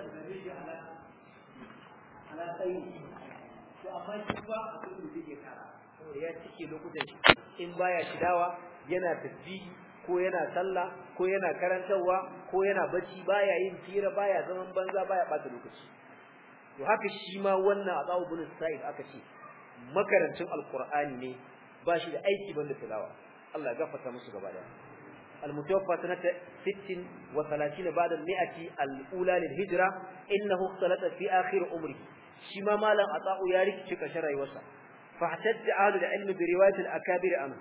الذرية baya shidawa yana tasbihi ko yana sallah ko yana karantarwa ko yana bacci baya yin tira baya zaman banza baya bata lokaci to haka shi ma wannan Abu bin Sa'id aka ce makarantun alqur'ani ne ba shi da aiki banda tilawa Allah ya gafarta musu gaba daya المتوفى سنة ست وثلاثين بعد المئة الأولى للهجرة إنه اختلط في آخر عمره شما مالا أطاء يارك شك شرعي وسع فاحتج أهل العلم برواية الأكابر عنه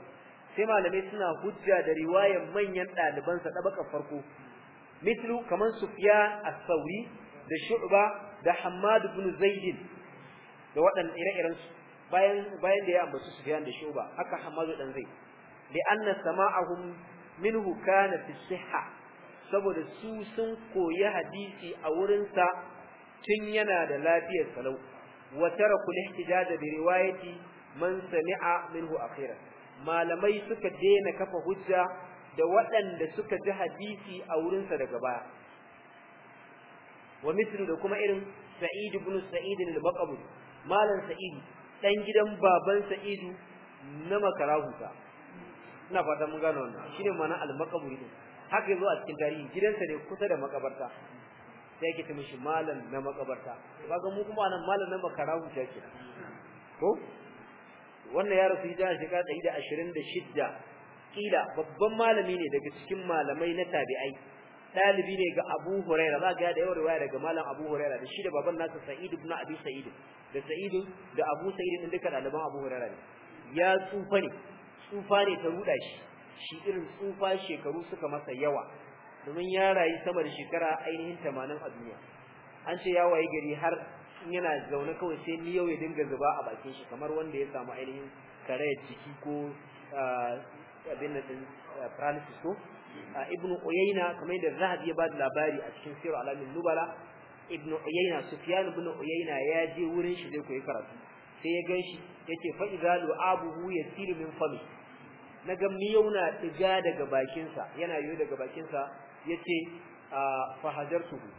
سما لم سنة هجة رواية من ينقى لبنسة طبق فرقه مثل كمان سفيان الثوري ده شعبة ده حماد بن زيد ده وقت إيران bayan bayan da ya ambaci Sufyan da Shuba haka Hamadu dan Zaid li anna sama'ahum minhu kana fi sihha saboda su sun koyi hadisi a wurinsa tun yana da lafiyar salau wa taraku al-ihtijaj bi riwayati man sami'a minhu akhiran malamai suka daina kafa hujja da waɗanda suka ji hadisi a wurinsa daga baya wa mislu da kuma irin sa'id ibn sa'id al-baqawi malam sa'id dan gidan baban sa'idu na makarahuta ina fata mun gano wannan shine ma'ana al-maqburi din haka yazo a cikin tarihi gidansa ne kusa da makabarta sai yake ta mishi malam na makabarta kaga mu kuma nan malam na makarahu take ko wannan ya rasu hijira shekara 126 kila babban malami ne daga cikin malamai na tabi'ai dalibi ne ga Abu Huraira za ga da yawa riwaya daga malam Abu Huraira da shi da baban nasa Sa'id ibn Abi Sa'id da Sa'id da Abu Sa'id din duka daliban Abu Huraira ne ya tsufa ne tsufa ne ta ruda shi shi irin tsufa shekaru suka masa yawa domin ya rayu sama da shekara ainihin tamanin a duniya an ce ya waye gari har yana zaune kawai sai ni yau ya dinga zuba a bakin shi kamar wanda ya samu ainihin karayar jiki ko abin da din paralysis ko ibnu uyayna kamar da zahab ya bada labari a cikin sirr alamin nubala ibnu uyayna sufyan ibn uyayna ya je wurin shi zai koyi karatu sai ya ganshi yace fa idza abuhu yasiru min fami naga miyau na diga daga bakinsa yana yoyo daga bakinsa yace fa hajartuhu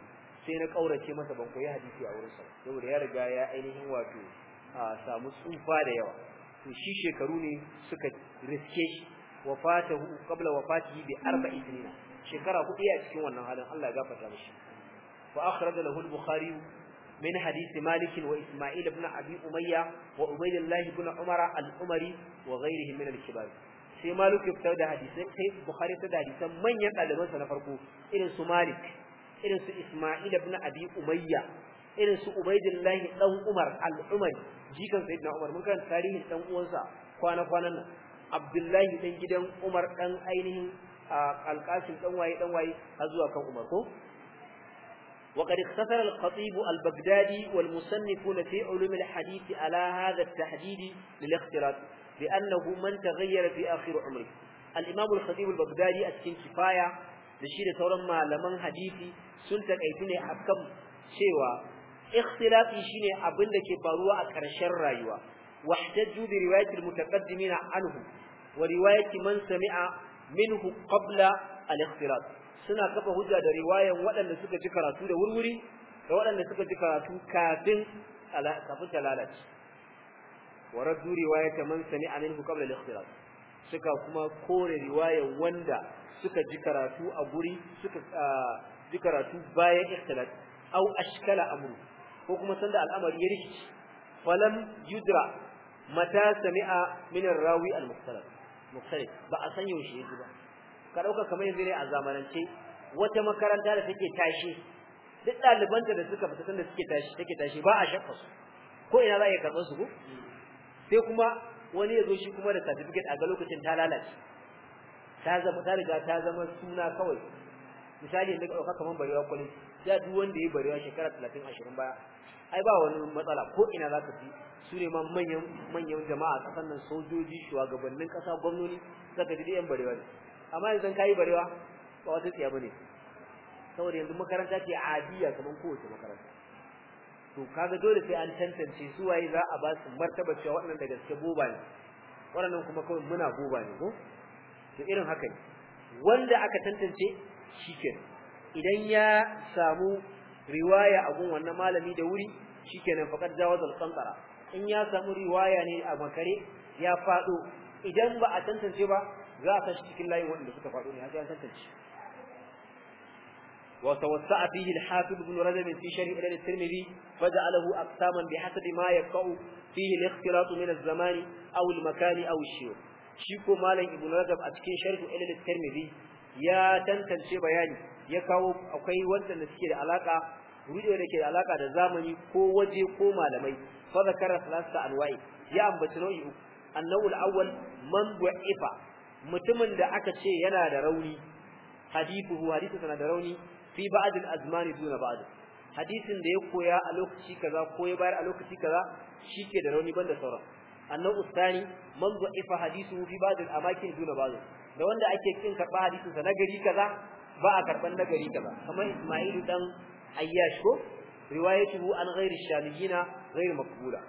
sai na kaurace masa ban koyi hadisi a sa. saboda ya riga ya ainihin wato samu tsufa da yawa to shi shekaru ne suka riske shi wafatahu qabla wafatihi bi arba'i sinina shekara hudu a cikin wannan halin Allah ya gafarta mishi fa akhraja lahu al-bukhari من حديث مالك وإسماعيل بن أبي أمية وعبيد الله بن عمر الأمري وغيرهم من الكبار sai malik ya fitar da hadisai sai bukhari ta da hadisan manyan ɗalibansa na farko irin su malik irin su isma'il ibn abi umayya irin su ubaidillahi dan umar al-umari jikan sayyidina umar mun kan tarihin dan uwansa kwana kwanan nan abdullahi dan gidan umar dan ainihin al alqasim dan waye dan waye har zuwa kan umar ko وقد اختصر الخطيب البغدادي والمصنفون في علوم الحديث على هذا التحديد للاختلاط bi annahu man taghayyara fi akhir umri al-imam al-khatib a cikin kifaya da shi da sauran malaman hadisi sun takaitu ne kan cewa ikhtilafi shine abin da ke faruwa a ƙarshen rayuwa واحتجوا برواية المتقدمين عنه ورواية من سمع منه قبل الاختلاط سنة كفا هجة رواية وأن نسكة كراتو لوروري وأن نسكة كراتو كافن على كفن تلالة wa raddu riwayata man sami'a minhu qabla al-ikhtilaf suka kuma kore riwayar wanda suka ji karatu a guri suka ji karatu bayan ikhtilaf aw ashkala amru ko kuma sanda al'amari ya rikici falam yudra mata sami'a min ar-rawi al-mukhtalaf mukhtalif ba a san yaushe yaji ba ka dauka kamar yanzu ne a zamanance wata makaranta da take tashi duk ɗalibanta da suka fita sanda suke tashi take tashi ba a shakka su ko ina za a iya karɓar su ko sai kuma wani yazo shi kuma da certificate a ga lokacin ta lalace ta zama ta riga ta zama suna kawai misali da ɗauka kaman barewa kwalin a duk wanda ya barewa shekara 30 20 baya ai ba wani matsala ko ina za ka su ne man manyan manyan jama'a a kasan nan sojoji shugabannin kasa gwamnoni zaka ji yan barewa ne amma yanzu kai barewa ba wata tsiya bane saboda yanzu makaranta ce adiya kaman kowace makaranta to kaga dole sai an tantance su waye za a ba su martaba cewa wannan da gaske boba ne wannan kuma kawai muna boba ne ko to irin haka ne wanda aka tantance shikenan idan ya samu riwaya a gun wannan malami da wuri shikenan faqad jawaza al-qantara in ya samu riwaya ne a makare ya fado idan ba a tantance ba za a tashi cikin layin wanda suka fado ne a tantance وتوسع فيه الحافظ بن رجب في شرح إلى الترمذي فجعله اقساما بحسب ما يقع فيه الاختلاط من الزمان او المكان أو الشيوخ شيكو مالك ابن رجب أتكين شرح إلى الترمذي يا تنتن شي بياني ya kawo akwai wanda suke da alaka rudewa da ke da alaka da zamani ko waje ko malamai fa zakara salasa alwa'i ya ambaci nau'i uku annahu al man bu'ifa mutumin da aka ce yana da rauni hadithu hadithu sana da rauni fi ba'd al azman duna ba'd hadisin da ya koya a lokaci kaza ko ya bayar a lokaci kaza shike da rauni banda sauran annabi ustani man dha'ifa hadithu fi ba'd al-amakin duna ba'd da wanda ake kin karba hadisin sa nagari kaza ba a karban nagari kaza kamar Isma'il dan Ayyash ko riwayatuhu an ghairi shamiyina ghairi maqbula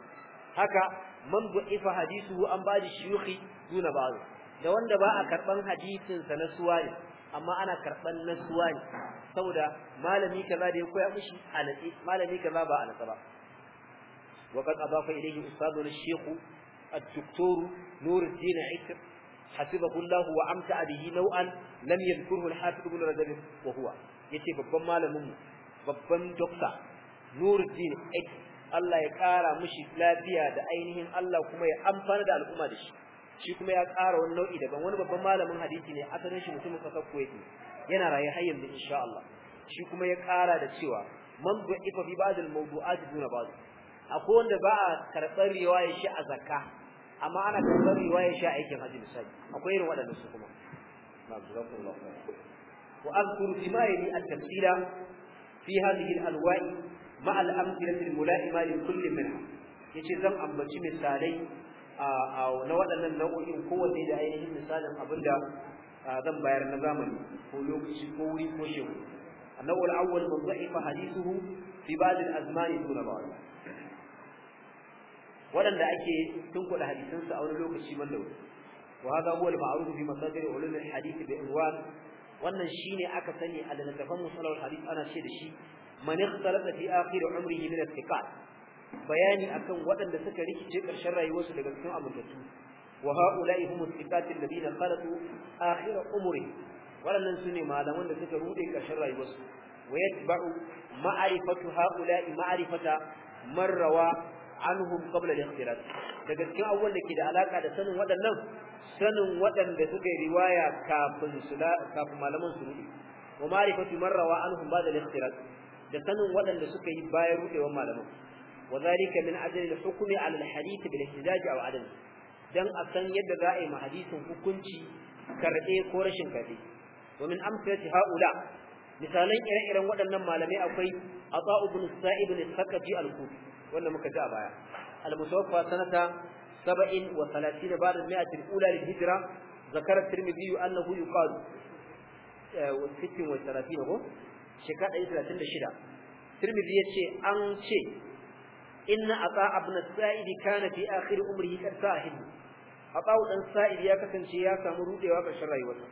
haka man dha'ifa hadithu an ba'd shuyukhi duna ba'd da wanda ba a karban hadisin sa na suwari amma ana karɓan nasuwa ne saboda malami kaza da ya koya mishi alatsi malami kaza ba nasa ba وقد أضاف إليه أستاذنا الشيخ الدكتور نور الدين عكر حسبه الله وأمتع به نوعا لم يذكره الحافظ ابن رجب وهو yace babban malamin mu babban dokta Nuruddin Ek Allah ya ƙara mashi lafiya da ainihin Allah kuma ya amfana da al'umma da shi shi kuma ya ƙara wani nau'i daban wani babban malamin hadisi ne asalin shi mutumin ƙasar yake yana raye har yanzu insha Allah shi kuma ya ƙara da cewa man bu'ifa fi ba'd al-mawdu'at duna ba'd akwai wanda ba a karɓar riwaya shi a zakka amma ana karɓar riwaya shi a aikin hajji misali akwai irin waɗannan su kuma na'udzubillah wa azkuru timayni al-tafsira fi hadhihi al-alwa'i ma al-amthilati al-mula'ima li kulli minha yace zan ambaci misalai na waɗannan nau'o'in kowanne da ainihin misalin da zan bayar na zamani ko lokaci ko wuri ko shehu النوع الأول من ضعف حديثه في بعض الأزمان دون بعض ولن ake tunkuɗa hadisansa a wani lokaci man dauri wa hadha huwa al-ma'ruf fi masadir ulum al-hadith bi inwan wannan shine aka sani a littafin musalal hadith ana ce da shi man ikhtalata fi akhir umrihi min al-thiqat bayani akan waɗanda suka rikice ƙarshen rayuwarsu daga cikin amintattu wa ha'ula'i humu thiqatil ladina qalatu akhir umri waɗannan su ne malaman da suka rude ƙarshen rayuwarsu wa yatba'u ma'rifatu ha'ula'i ma'rifata marrawa anhum qabla al-ikhtirat daga cikin abubuwan da ke da alaka da sanin waɗannan sanin waɗanda suka yi riwaya kafin su kafin malaman su rude wa ma'rifatu marrawa anhum ba'da al-ikhtirat da sanin waɗanda suka yi bayan rudewar malaman Wazari zalika min ajli al-hukm ala al-hadith bil ihtijaj aw adam a san yadda za a yi ma hadisin hukunci karbe ko rashin karbe wa min amsalati haula misalan ire-iren waɗannan malamai akwai Ata ibn Sa'ib al muka ji a baya al sanata 37 ba'da al-mi'ati al-ula lil-hijra zakara Tirmidhi 36 ko shekara 36 Tirmidhi yace an ce inna ata ibn sa'id kana fi akhir umrihi qad sahid ata dan sa'id ya kasance ya samu ruɗewa ƙarshen rayuwarsa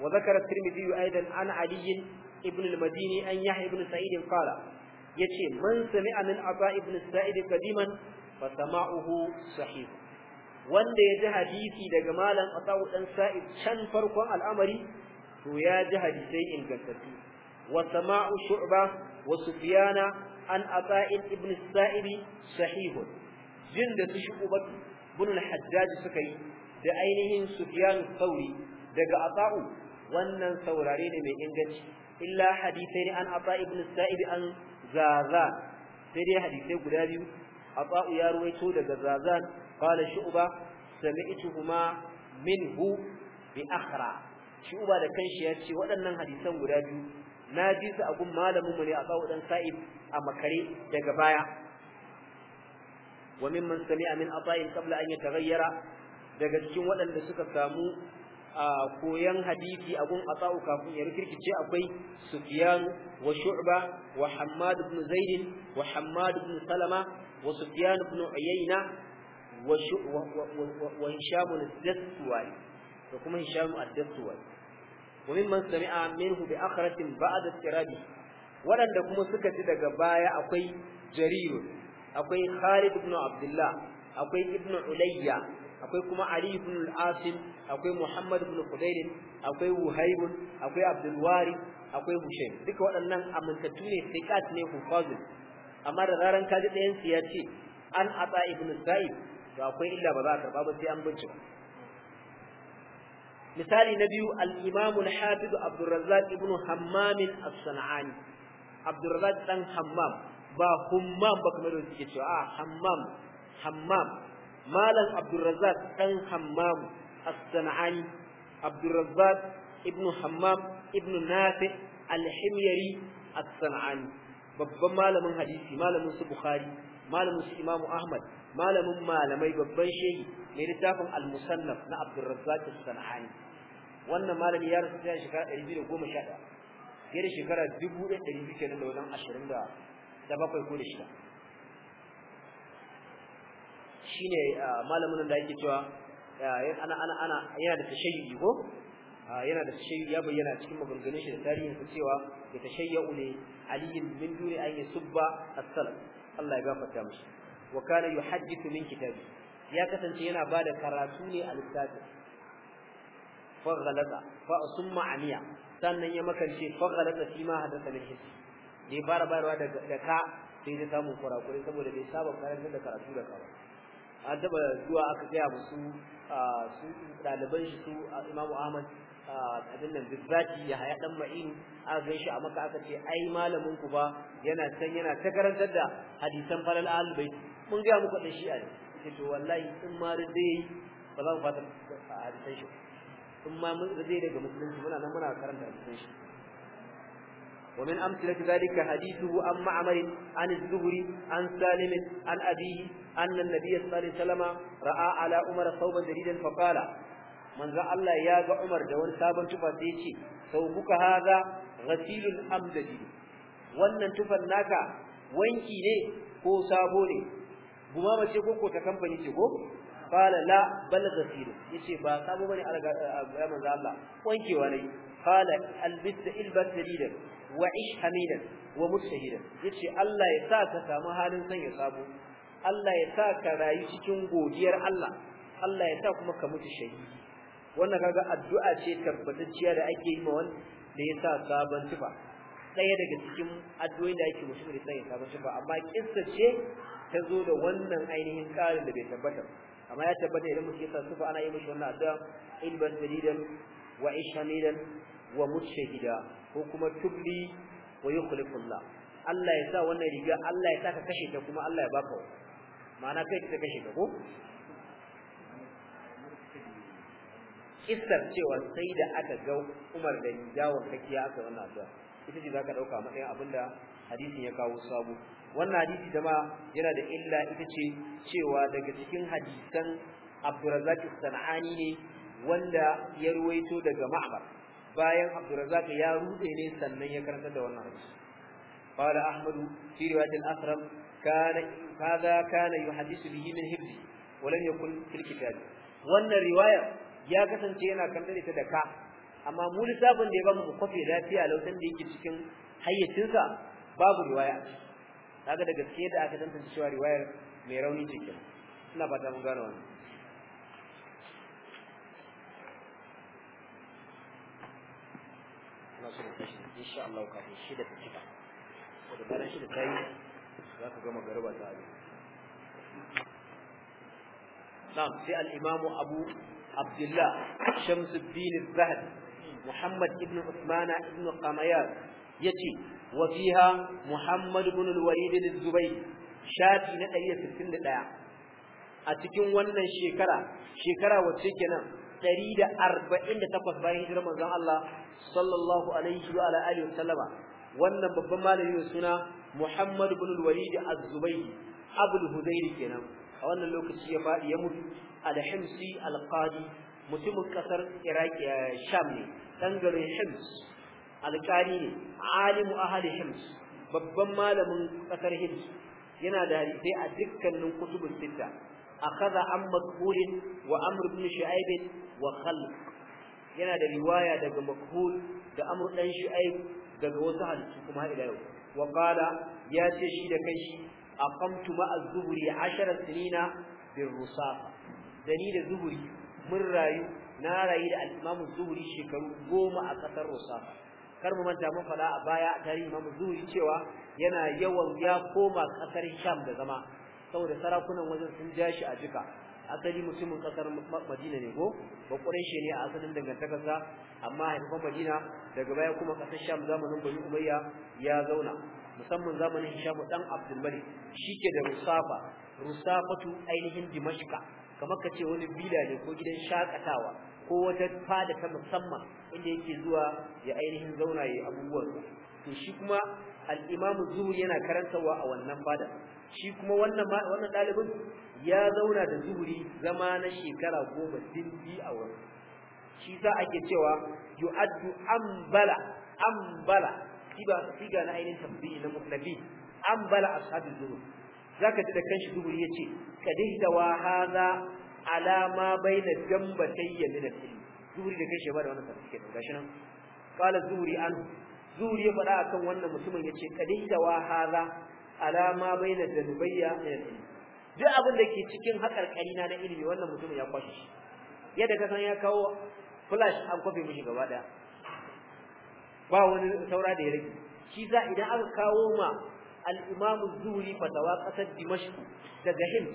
wa zakara tirmidhi aidan an ali ibn al-madini an yahya ibn sa'id qala yace mun sami amin ata ibn sa'id qadiman fa sama'uhu sahih wanda ya ji hadisi daga malam ata ɗan sa'id shan farkon al'amari to ya ji hadisai ingantattu wa sama'u shu'ba wa sufyana an ata'in ibn sa'ibi sahihun jin da su shubat ibn al suka yi da ainihin sufyan sauri daga ata'u wannan saurare ne mai inganci illa hadisai ne an ata ibn sa'ibi an zaza sai dai hadisai guda biyu ata'u ya ruwaito daga zazan qala shu'ba sami'tuhuma minhu bi akhra shu'ba da kanshi ya ce waɗannan hadisan guda biyu na ji su a gun malamin mu ne a tsawo dan sa'id, a makare daga baya wa mimman sami'a min ata'in qabla an yataghayyara daga cikin waɗanda suka samu a koyan hadisi a gun ata'u kafin ya rikirkice akwai Sufyan wa Shu'ba wa Hammad ibn Zaid wa Hammad ibn Salama wa Sufyan ibn Uyayna wa Hisham al dastwai da kuma Hisham al dastwai wa mimman sami'a minhu bi akhratin ba'da tirabi waɗanda kuma suka ci daga baya akwai jariru akwai Khalid ibn Abdullah akwai ibn Ulayya akwai kuma Ali ibn al akwai Muhammad ibn Qudayd akwai Wuhayb akwai Abdul akwai Hushaym duka waɗannan amintattu ne thiqat ne hufazul amma da zaran kaji ɗayan su ya ce an ata ibn Sa'id to akwai illa ba za a ba sai an bincika misali na biyu al-imam al-hafiz abdurrazzaq ibn hammam as-sanani abdurrazzaq dan hammam ba hammam ba kamar da suke cewa a hammam hammam malam abdurrazzaq dan hammam as-sanani abdurrazzaq ibn hammam ibn nafi al-himyari as-sanani babban malamin hadisi malamin su bukhari malamin su imamu ahmad malamin malamai babban shehi mai littafin al-musannaf na abdurrazzaq as-sanani wannan malami ya rasu sai shekara 2011 fiye da shekara 1200 kenan da wajen 20 da da bakwai ko da shida shine malamin da yake cewa ana ana ana yana da tashayyi ko yana da tashayyu ya bayyana cikin maganganun shi da tarihin sa cewa ya tashayyu ne aliyin min duri an yusubba as salat Allah ya gafarta mishi wa kana yuhaddithu min kitabi ya kasance yana bada karatu ne a littafin fa ghalata fa summa amiya sannan ya makance fa ghalata shi ma hadasa da hissi da ya fara bayarwa da ka sai ya samu kurakure saboda bai saba karanta da karatu da kawai an taba zuwa aka gaya musu su ɗaliban shi su imamu ahmad abin nan bizzati ya haya dan ma'in a gan shi a maka aka ce ai malamin ku ba yana can yana ta karantar da hadisan falal ahlul bait mun gaya muku da shi'a ne ce to wallahi in ma da dai ba za mu fata hadisan shi ثم ma mun zai daga musulunci muna nan muna karanta ومن أمثلة ذلك حديثه عن معمر عن الزهري عن سالم عن أبيه أن النبي صلى الله عليه وسلم رأى على عمر ثوبا جديدا فقال من ذا الله يا عمر دون سابا تفا سيتي ثوبك هذا غسيل أم جديد wannan tufan naka wanki ne ko sabo ne gumama ce ko ta kamfani ce ko qala la bal ghasir ba sabo bane alga ya manzo Allah wankewa ne qala albis ilbat sadida wa ish hamidan wa mutahida yace Allah ya sa ka samu halin san ya sabo Allah ya sa ka rayu cikin godiyar Allah Allah ya sa kuma ka mutu shahidi wannan kaga addu'a ce tabbatacciya da ake yi ma wanda ya sa sabon tufa ɗaya daga cikin addu'o'in da ake mutum da ya sabon tufa amma kissa ce ta zo da wannan ainihin ƙarin da bai tabbata amma ya tabbata idan mutum ya sufa ana yi mishi wannan addu'a ilban sadidan wa ishamidan wa mutshahida ko kuma tubli wa yukhlifullah Allah ya sa wannan riga Allah ya sa ka kashe ta kuma Allah ya baka ma'ana kai ka kashe ka ko Kisar cewa sai da aka ga Umar da Jawar kakiya aka wannan addu'a ita ce zaka dauka matsayin abinda hadisin ya kawo sabo wannan hadisi jama'a yana da illa ita ce cewa daga cikin hadisan Abdurrazzaq sanani ne wanda ya ruwaito daga Ma'mar bayan Abdurrazzaq ya rude ne sannan ya karanta da wannan hadisi قال أحمد في رواية الأخرم كان هذا كان يحدث به من هبزه ولم يكن في الكتاب Wannan الرواية ya kasance yana kallon ita da ka amma mu lissafin da ya ba mu lafiya lautan da yake cikin hayyacinsa babu riwaya kaga da gaske da aka tantance cewa riwayar mai rauni ce kin ina ba ta mun gano wannan na so mu tashi insha Allah ka kafin shi da tafiya da bayan shi da kai za ka ga magaruba ta abin nan sai al-imamu Abu Abdullah Shamsuddin الدين الذهبي محمد ابن عثمان ابن قميان يتي وفيها محمد بن الوليد الزبيدي شافي na 161 a cikin wannan shekara shekara wacce kenan 148 bayan hijirar manzon Allah sallallahu alaihi wa alihi wasallama wannan babban malami ne suna Muhammad ibn al-Walid az-Zubaydi Abul Hudayr kenan a wannan lokaci ya fadi ya mutu al-Himsi al-Qadi mutumin ƙasar Iraq eh, Sham ne dan garin alƙari ne alimu ahli hims babban malamin ƙasar hims yana da hadisai a dukkanin kutubun sitta akhadha an makhul wa amr ibn shu'aib wa khalq yana da riwaya daga makhul da amr dan shu'aib daga wasu hadisi kuma har ila yau wa qala ya ce shi da kai shi aqamtu ma az-zuhri 10 sinina bir rusafa dani da zuhri mun rayu na rayu da al-imam zuhri shekaru goma a kasar rusafa kar mu manta mun fada a baya a tarihi Imam Zuhri cewa yana yawan ya koma kasar Sham da zama saboda sarakunan wajen sun ja shi a jika asali mutumin kasar Madina ne ko ba Quraishi ne a asalin dangantakarsa amma haifafan Madina daga baya kuma kasar Sham zamanin Bani Umayya ya zauna musamman zamanin Hisham dan Abdul Malik ke da Rusafa Rusafatu ainihin Dimashqa kamar kace wani bila ne ko gidan shakatawa ko wata fada ta musamman inda yake zuwa ya ainihin zauna ya abubuwan to shi kuma al-Imam Zuhri yana karantawa a wannan fada shi kuma wannan wannan dalibin ya zauna da Zuhri zama na shekara goma dindi a wurin shi sa ake cewa yu'addu ambala ambala siba siga na ainihin tabbi na mutlabi ambala ashabu Zuhri zaka ji da kanshi Zuhri yace kadihda wa hadha ala ma baina jambatayya min al zuri da kai shebar da wannan kenan gashi nan qala zuri an zuri ya fada akan wannan mutumin yace kadida wa hadha alama baina zanubayya duk abin da ke cikin hakar na na ilimi wannan mutumin ya kwashe shi yadda ka san ya kawo flash an kofe mishi gaba da ba wani saura da ya rage shi za idan aka kawo ma al-Imam az-zuri fatawa kasar Dimashq daga Hind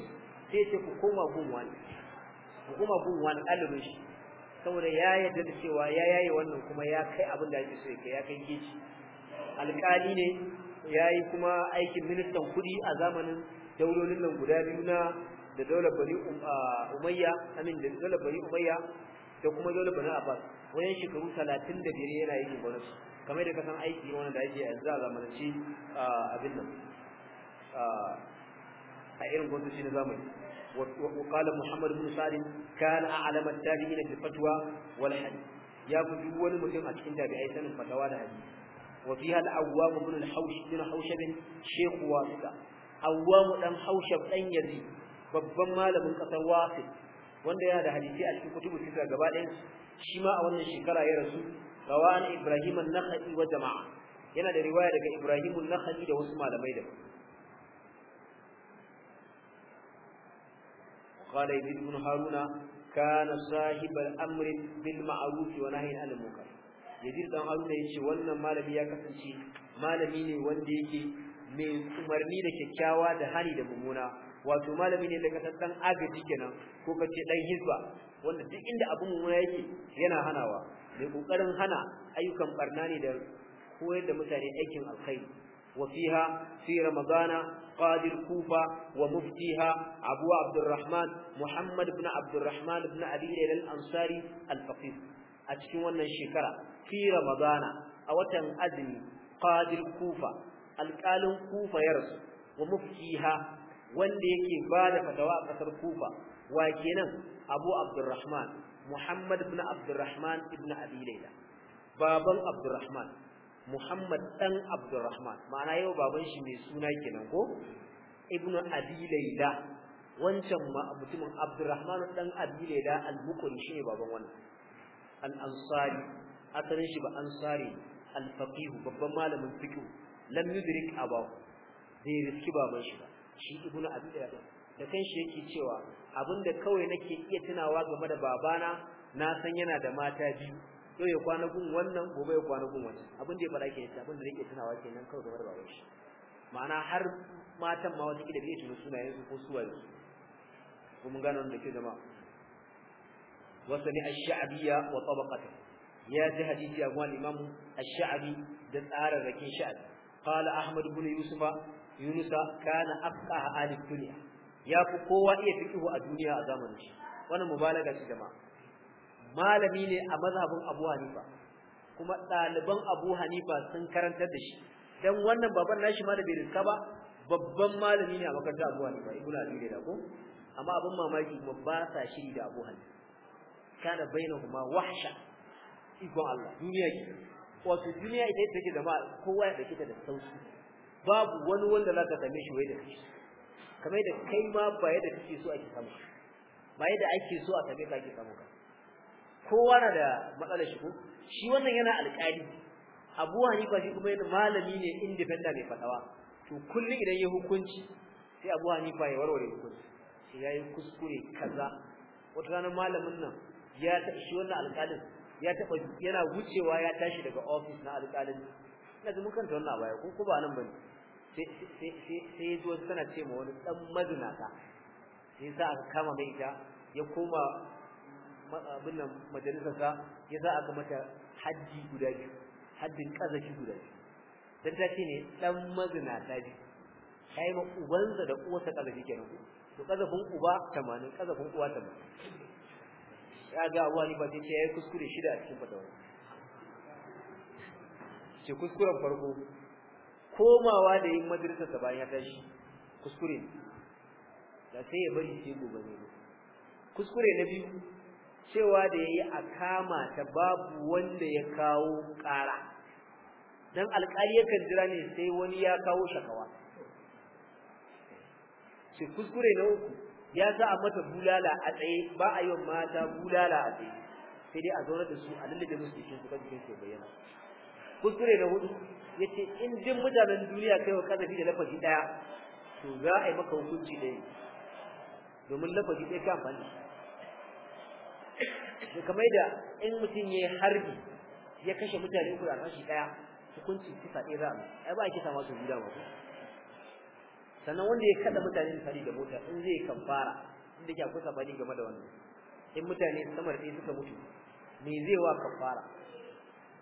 sai ce ku koma gun wani ku koma gun wani alimin shi saboda ya yadda da cewa ya yayi wannan kuma ya kai abin da ake so ya kai ya kai gici alƙali ne ya yi kuma aikin ministan kuɗi a zamanin daulolin nan guda biyu na da daular bari um-, umayya amin da daular bari umayya da kuma daular bari abbas Wani shekaru talatin da biyar yana su, gwamnati kamar da kasan aiki wani da ake yanzu a zamanance abin nan a irin gwamnati na zamani وقال محمد بن سعد كان أعلم التابعين بالفتوى والحديث يا بدو المتم أتكين تابعي سنة فتوى الحديث وفيها الأوام بن الحوش بن حوشب شيخ واسطة أوام بن حوشب أن يزيد babban malamin kasar wasi wanda yana da hadisi a cikin kutubu sita gaba ɗayan shi ma a wannan shekara ya rasu rawan ibrahim an-nakhai wa jama'a yana da riwaya daga ibrahim an-nakhai da wasu malamai da قال يزيد بن هارون كان صاحب الامر بالمعروف ونهي عن المنكر يزيد بن هارون يشي wannan malami يا كسنشي Malami ني wanda yake mai umarni da kyakkyawa da hani da mumuna. wato malami ne daga dan agaji kenan ko kace dan hizba wanda duk inda abun mumuna yake yana hanawa mai kokarin hana ayyukan barna ne da koyar da mutane aikin alkhairi وفيها في رمضان قاضي الكوفة ومفتيها أبو عبد الرحمن محمد بن عبد الرحمن بن أبي ليلى الأنصاري الفقيه أتكون الشكرة في رمضان أوتن أدني قاضي الكوفة القال كوفة يرس ومفتيها wanda yake ba da fatawa a ƙasar Kufa wa kenan Abu Abdurrahman Muhammad ibn Abdurrahman ibn Abi Layla baban Abdurrahman Muhammad dan Abdurrahman ma'ana yau baban shi mai suna kenan ko ibnu abi laila wancan ma mutumin Abdurrahman dan abi laila al-Bukhari ne baban wannan al-Ansari asalin shi ba Ansari al-faqih babban malamin fiqh lam yudrik abahu bai riski baban shi ba shi ibnu abi laila da kanshi yake cewa abinda kawai nake iya tunawa game da babana na san yana da mata biyu yau ya kwana gun wannan gobe ya kwana gun wannan abin da ya faɗa kenan abin da yake tunawa kenan kawai game da baban shi ma'ana har matan ma wata kida bai tuna sunayen su ko suwaye su ko mun gano da ke jama'a wasani ash-sha'biyya wa tabaqata ya ji hadisi a gwan imam ash-sha'bi da tsara rakin sha'bi qala ahmad ibn yusufa yunusa kana afqaha ahli dunya ya fi kowa iya fikihu a duniya a zamanin shi wannan mubalaga ce jama'a malami ne a mazhabin Abu Hanifa kuma ɗaliban Abu Hanifa sun karantar da shi dan wannan baban nashi ma da bai rinka ba babban malami ne a makarantar Abu Hanifa Ibn Abi da ko amma abin mamaki kuma ba sa shiri da Abu Hanifa kana kuma wahsha iko Allah duniya ke wato duniya ita take da ba kowa ya dake ta da sauki babu wani wanda zaka same shi wai da shi kamar da kai ma ba yadda kake so ake samu ba yadda ake so a same ka ake samu ka kowa na da matsalar shi ko shi wannan yana alƙali Abu Hanifa shi kuma yana malami ne independent ne fatawa to kullun idan ya hukunci sai Abu Hanifa ya warware hukunci sai yayi kuskure kaza wata ranar malamin nan ya shi wannan alƙalin ya taba yana wucewa ya tashi daga office na alƙalin ina ji mun kanta wannan a baya ko ko ba nan bane sai sai sai sai zo tana ce ma wani dan mazinata sai sa aka kama mai ita ya koma abin nan majalisarsa ya za a ga mata haddi guda biyu haddin kazafi guda biyu dan ta ce ne dan mazinata biyu kai ma ubansa da uwarsa kazafi kenan to kazafin uba tamanin kazafin uwa tamanin ya ga uwa ni ba ce yayi kuskure shida a cikin fatawa ce kuskuren farko komawa da yin sa bayan ya tashi kuskure da sai ya bari sai gobe ne kuskure na biyu cewa da yayi a kama ta babu wanda ya kawo ƙara dan alƙali yakan jira ne sai wani ya kawo shakawa shi kuskure na uku ya sa a mata bulala a tsaye ba a yi mata bulala a tsaye sai dai a zaura da su a lallaje musu cikin su kan cikin bayyana kuskure na hudu yace in jin mutanen duniya kai wa kazafi da lafazi daya to za a yi maka hukunci dai domin lafazi dai ka amfani to kamar da in mutum ya harbi ya kashe mutane uku a kashi daya hukunci kisa ɗaya za a mai ai ba a kisa masu guda ba sannan wanda ya kada mutane misali da mota in zai fara, inda ke akwai sabani game da wannan in mutane samar ɗaya suka mutu me zai wa kafara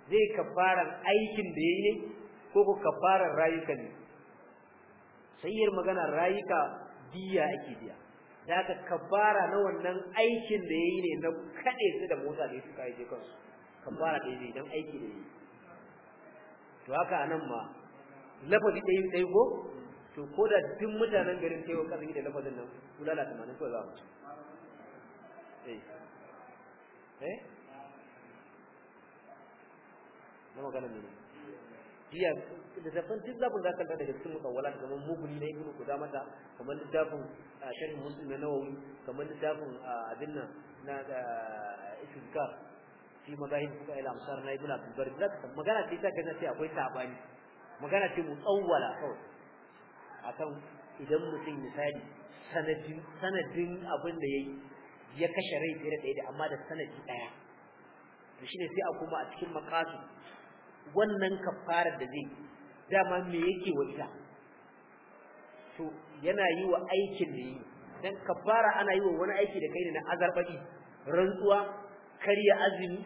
zai kafaran aikin da yayi ne ko ko kafaran rayuka ne sayyar magana rayuka diya ake biya da ka kabbara na wannan aikin da yayi ne na kade su da motsa da suka yi su kabbara da yayi dan aiki da yayi to haka anan ma lafazi da yayi dai go to ko da duk mutanen garin sai wa kasan da lafazin nan kulala 80 ko za mu eh eh na magana ne jiya littafin duk zafin za ka daga cikin mutawala kamar muguni na ibnu kudama da kamar littafin sharhin muslim na nawawi kamar littafin abin nan na istizkar fi madahin suka ila amsar na ibnu abdul magana ce ta kaza sai akwai sabani magana ce tsawwala kawai akan idan mutum misali sanadin sanadin abin da yayi ya kashe rai fere da ɗaya amma da sanadi ɗaya shi ne sai a koma a cikin makasu. wannan kafarar da zai dama me yake wa ita to yana yi wa aikin da yi dan kafara ana yi wa wani aiki da kai ne na azarbadi rantsuwa kariya azumi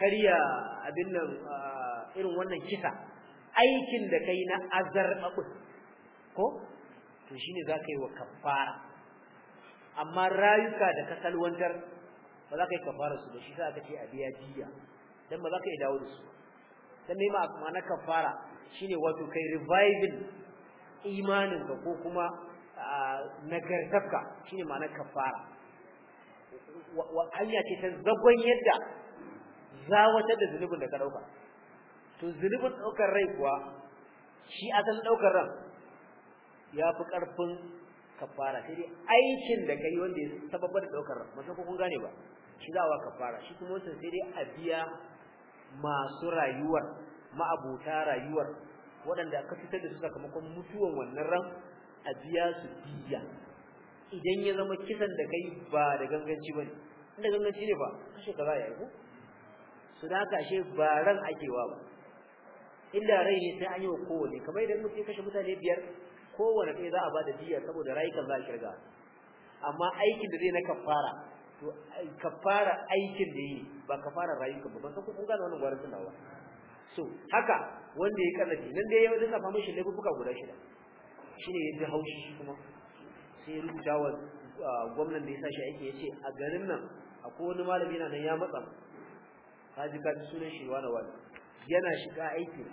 kariya abin nan ah, irin wannan kisa aikin da kai na azarbabu ko to shine zaka yi wa kafara? amma rayuka da kasalwantar ba za ka yi kafara su da shi za ka ce a biya jiya dan ba za ka yi dawo da su dan nema na kafara shine wato kai reviving imanin ka ko kuma nagartarka shine ma'anar kafara hanya ce ta zagon yadda zawatar da zunubin da ka dauka to zunubin daukar rai kuwa shi asalin daukar ran ya fi karfin kafara sai dai aikin da kai wanda ya sababar da daukar ran masu ko kun gane ba shi za zawa kafara shi kuma wancan sai dai a biya masu rayuwar ma'abuta rayuwar waɗanda aka fitar da su sakamakon mutuwan wannan ran a biya su diya idan ya zama kisan da kai ba da ganganci ne inda ganganci ne ba kashe kaza ya yi su da haka ashe ba ran akewa ba inda rai ne sai an yi wa kowane kamar idan mutum ya kashe mutane biyar kowane ɗaya za a ba da diya saboda rayukan za a shirga amma aikin da zai na kafara to kafara aikin da yi ba kafara rayukan ba ban san kun gane wannan gwarin tunawa so haka wanda ya kallafi nan dai ya wanda safa mishi laifuka guda shida shine ya ji haushi kuma sai ya rubuta wa gwamnan da ya sa shi aiki ya ce a garin nan a akwai wani malami na nan ya matsa kaji ji ka sunan shi wani wani yana shiga aiki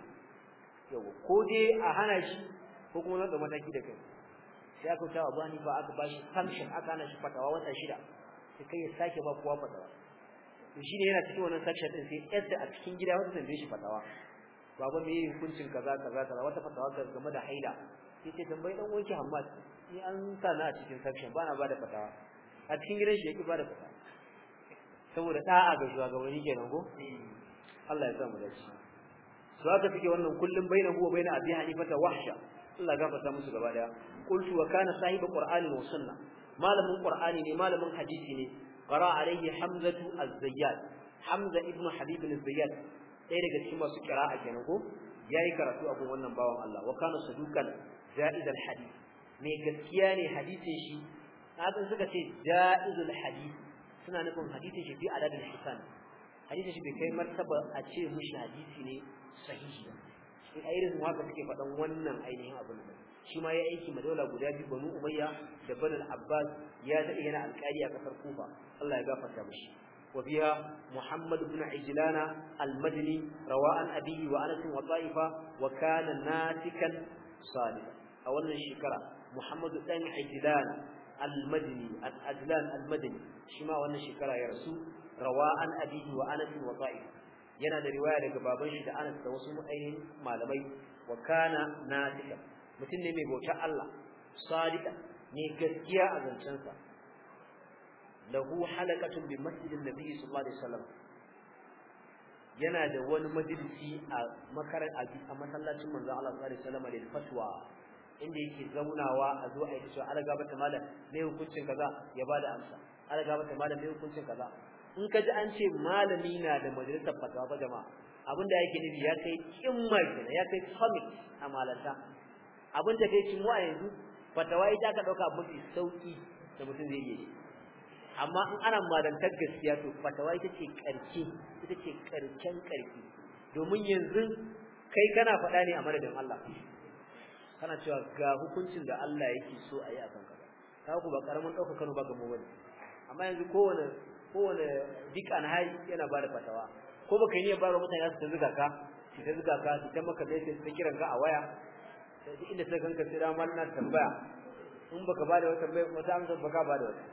yau ko dai a hana shi ko kuma na da mataki da kai sai aka kawo bani ba aka bashi sanction aka hana shi fatawa wata shida sai kai ya sake ba kowa fatawa to ne yana cikin wannan section din sai yadda a cikin gida wata tambaye shi fatawa baba me yin hukuncin kaza kaza kaza wata fatawa game da haila yace tambayi dan wanki Hammad ni an sa na a cikin section ba na bada fatawa a cikin gidan shi yake bada fatawa saboda da'a ga wani kenan ko Allah ya sa mu dace su haka suke wannan kullum baina huwa baina abi hanifa ta wahsha Allah ga fata musu gaba daya qultu wa kana sahibi qur'ani wa sunna malamin qur'ani ne malamin hadisi ne qara alaihi hamzatu az-zayyad hamza ibnu habib az-zayyad sai daga cikin masu a kenan ko yayi karatu a wannan bawan Allah wa kana sadukan zaidal hadith me gaskiya ne hadisin shi kafin suka ce jaizul hadith suna nufin hadisin shi bi adadin hisan hadisin shi kai martaba a ce mushi hadisi ne sahihi sai irin faɗan wannan ainihin abin shi ma ya aiki madaula guda biyu banu umayya da banu abbas ya dade yana alƙali a kasar kufa Allah ya gafarta mishi وفيها محمد بن wa المدني روى عن أبيه وأنس وطائفة وكان ناسكا صالحا أولا الشكرة محمد بن عجلان المدني الأجلان المدني wannan shekara ya rasu رسول روى عن أبيه وأنس وطائفة yana da riwaya daga baban shi da Anas da wasu ainihin malamai wa kana mutum ne mai bautar Allah sadiqa ne gaskiya a zancensa lahu halaqatun bi masjidin nabi sallallahu alaihi wasallam yana da wani majalisi a makaran a masallacin manzo Allah sallallahu alaihi wasallam da fatwa inda yake zaunawa a zo a yi cewa an ga mata malam me hukuncin kaza ya bada amsa an ga mata malam me hukuncin kaza in ka ji an ce malami na da majalisar fatwa ba jama'a abinda yake nufi ya kai kimma ya kai summit a malata abin da kai cinwa yanzu fatawa ita ka dauka mafi sauki da mutum zai yi amma in ana madantar gaskiya to fatawa ita ce karki ita ce karken karki domin yanzu kai kana faɗa ne a madadin Allah kana cewa ga hukuncin da Allah yake so a yi a kanka ka ku ba karamin ɗaukar Kano ba ga mu bane amma yanzu kowane kowane dika na hari yana ba da fatawa ko baka yi niyyar ba mutane za su zuga ka su ta zuga ka ki ta maka message ta kiran ka a waya sai inda sai kanka sai dama na tambaya in baka bada wata tambaya wata amsa baka bada wata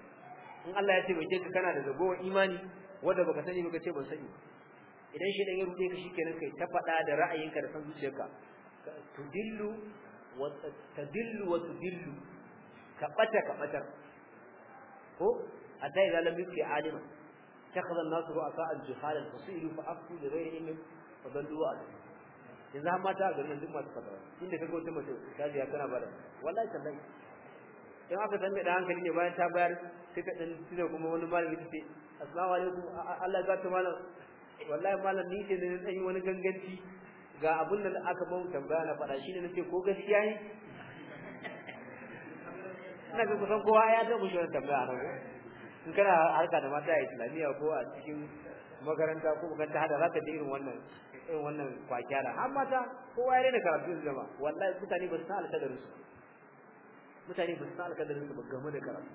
in Allah ya ce bai ka kana da zagowar imani wanda baka sani baka ce ban sani idan shi dan ya rude ka shikenan kai ta faɗa da ra'ayinka da san zuciyarka tudillu wa tadillu wa tudillu ka bata ka bata ko hatta da lam yuqi alima takhadha an-nasu ru'asa al-juhal al fasil fa aftu ghayri ilmin fa dallu alayhi yanzu har mata a garin duk masu fatawa inda kaga wata mace shafiya tana bada wallahi tallahi in aka san mai da hankali ne bayan ta bayar sai ka dan tsira kuma wani malami ce assalamu alaikum Allah ya ta malam wallahi malam ni ke ne dan wani ganganci ga abun da aka ban tambaya na fada shine nace ko gaskiya ne ina ga kusan kowa ya ta bushe tambaya nan in kana harka da mata a islamiyya ko a cikin makaranta ko makaranta hada za ka ji irin wannan irin wannan kwakiyara har mata kowa ya rena karatu su jama wallahi mutane ba su san alƙadarin su mutane ba su san alƙadarin su ba game da karatu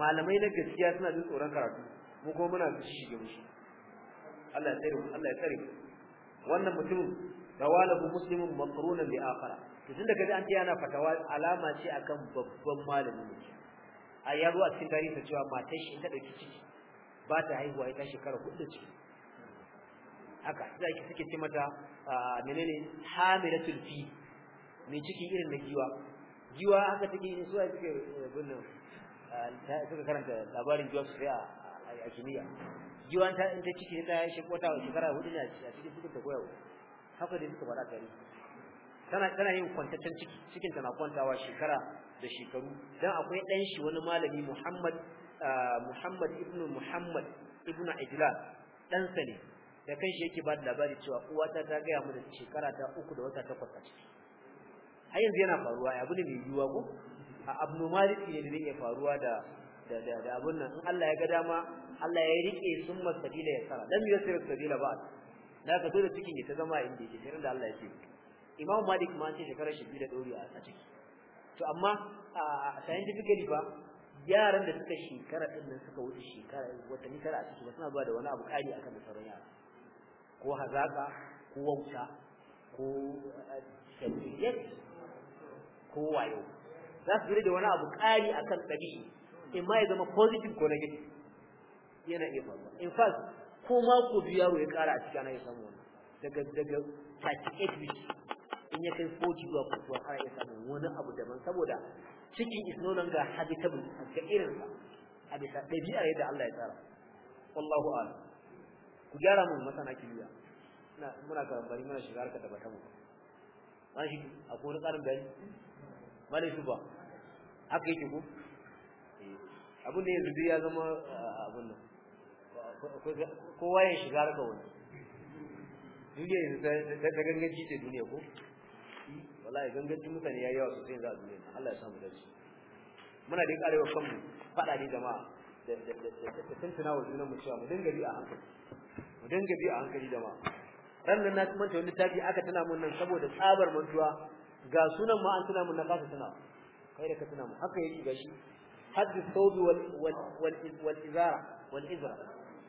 malamai na gaskiya suna jin tsoron karatu mu kuma muna shige shi Allah ya tsare mu Allah ya tsare mu wannan mutumin rawalahu muslimun maqrunan bi akhara to tunda kaji an ce yana fatawa alama ce akan babban malami ne a yaro a cikin tarihi cewa matar shi ta dauki ciki ba ta haihuwa ita shekara hudu ciki haka sai ki suke ce mata menene hamilatul fi mai ciki irin da giwa giwa haka take ne suwaye suke eh, bunnan suka karanta labarin giwa su sai a kimiyya giwan ta in ta ciki ta yi shekwata wa shekara hudu ne a cikin cikin ta koyawa haka dai suka fara gari tana tana yin kwantaccen ciki cikin ta na kwantawa shekara da shekaru dan akwai dan shi wani malami Muhammad Muhammad ibn Muhammad ibn Ijlan dan sa ne da kan shi yake ba da labari cewa uwata ta gaya mu da shekara ta uku da wata takwas a ciki har yanzu yana faruwa ya ne mai yiwuwa ko a abnormality ne ne yake faruwa da da da abun nan in Allah ya ga dama Allah ya rike sun masabila ya sara lam yasir sabila ba da ka dole cikin ya ta zama inda yake sai da Allah ya ce Imam Malik ma ce shekara shi biyu da dori a ciki to amma a scientifically ba yaran da suka shekara din nan suka wuce shekara ni tara a ciki ba suna zuwa da wani abu kari akan da sauran yara ko hazaka ko wauta ko shafiyat eh, ko wayo za su da wani abu ƙari kan ɗabi'i in ma ya zama positive ko negative yana iya faruwa in fact ko ma ko biyu yaro ya ƙara a cikin ana ya samu wani daga daga 38 weeks in ya kai 40 zuwa 41 har ya samu wani abu daban saboda cikin is no longer habitable ga irinsa a bisa ɗabi'ar yadda Allah ya tsara wallahu a'lam ku gyara mun masana kimiyya ina muna karambari muna shiga harkar da bata mu ba shi akwai wani tsarin bayani malai su ba haka yake ko abin da yanzu ya zama abin nan kowa ya shiga harkar wani duniya yanzu ta ganganci ce duniya ko wallahi gangancin mutane ya yawa sosai za a duniya Allah ya samu dace muna da karewa kanmu fada ne jama'a da da da da tantana wa junanmu cewa mu dinga bi a hankali mu dinga bi a hankali da ma rannan na manta wani tafi aka tana mun nan saboda tsabar mantuwa ga sunan ma an tana mun na kasa tana kai da ka tana mu haka yake gashi haddu thawbi wal wal wal izara wal izra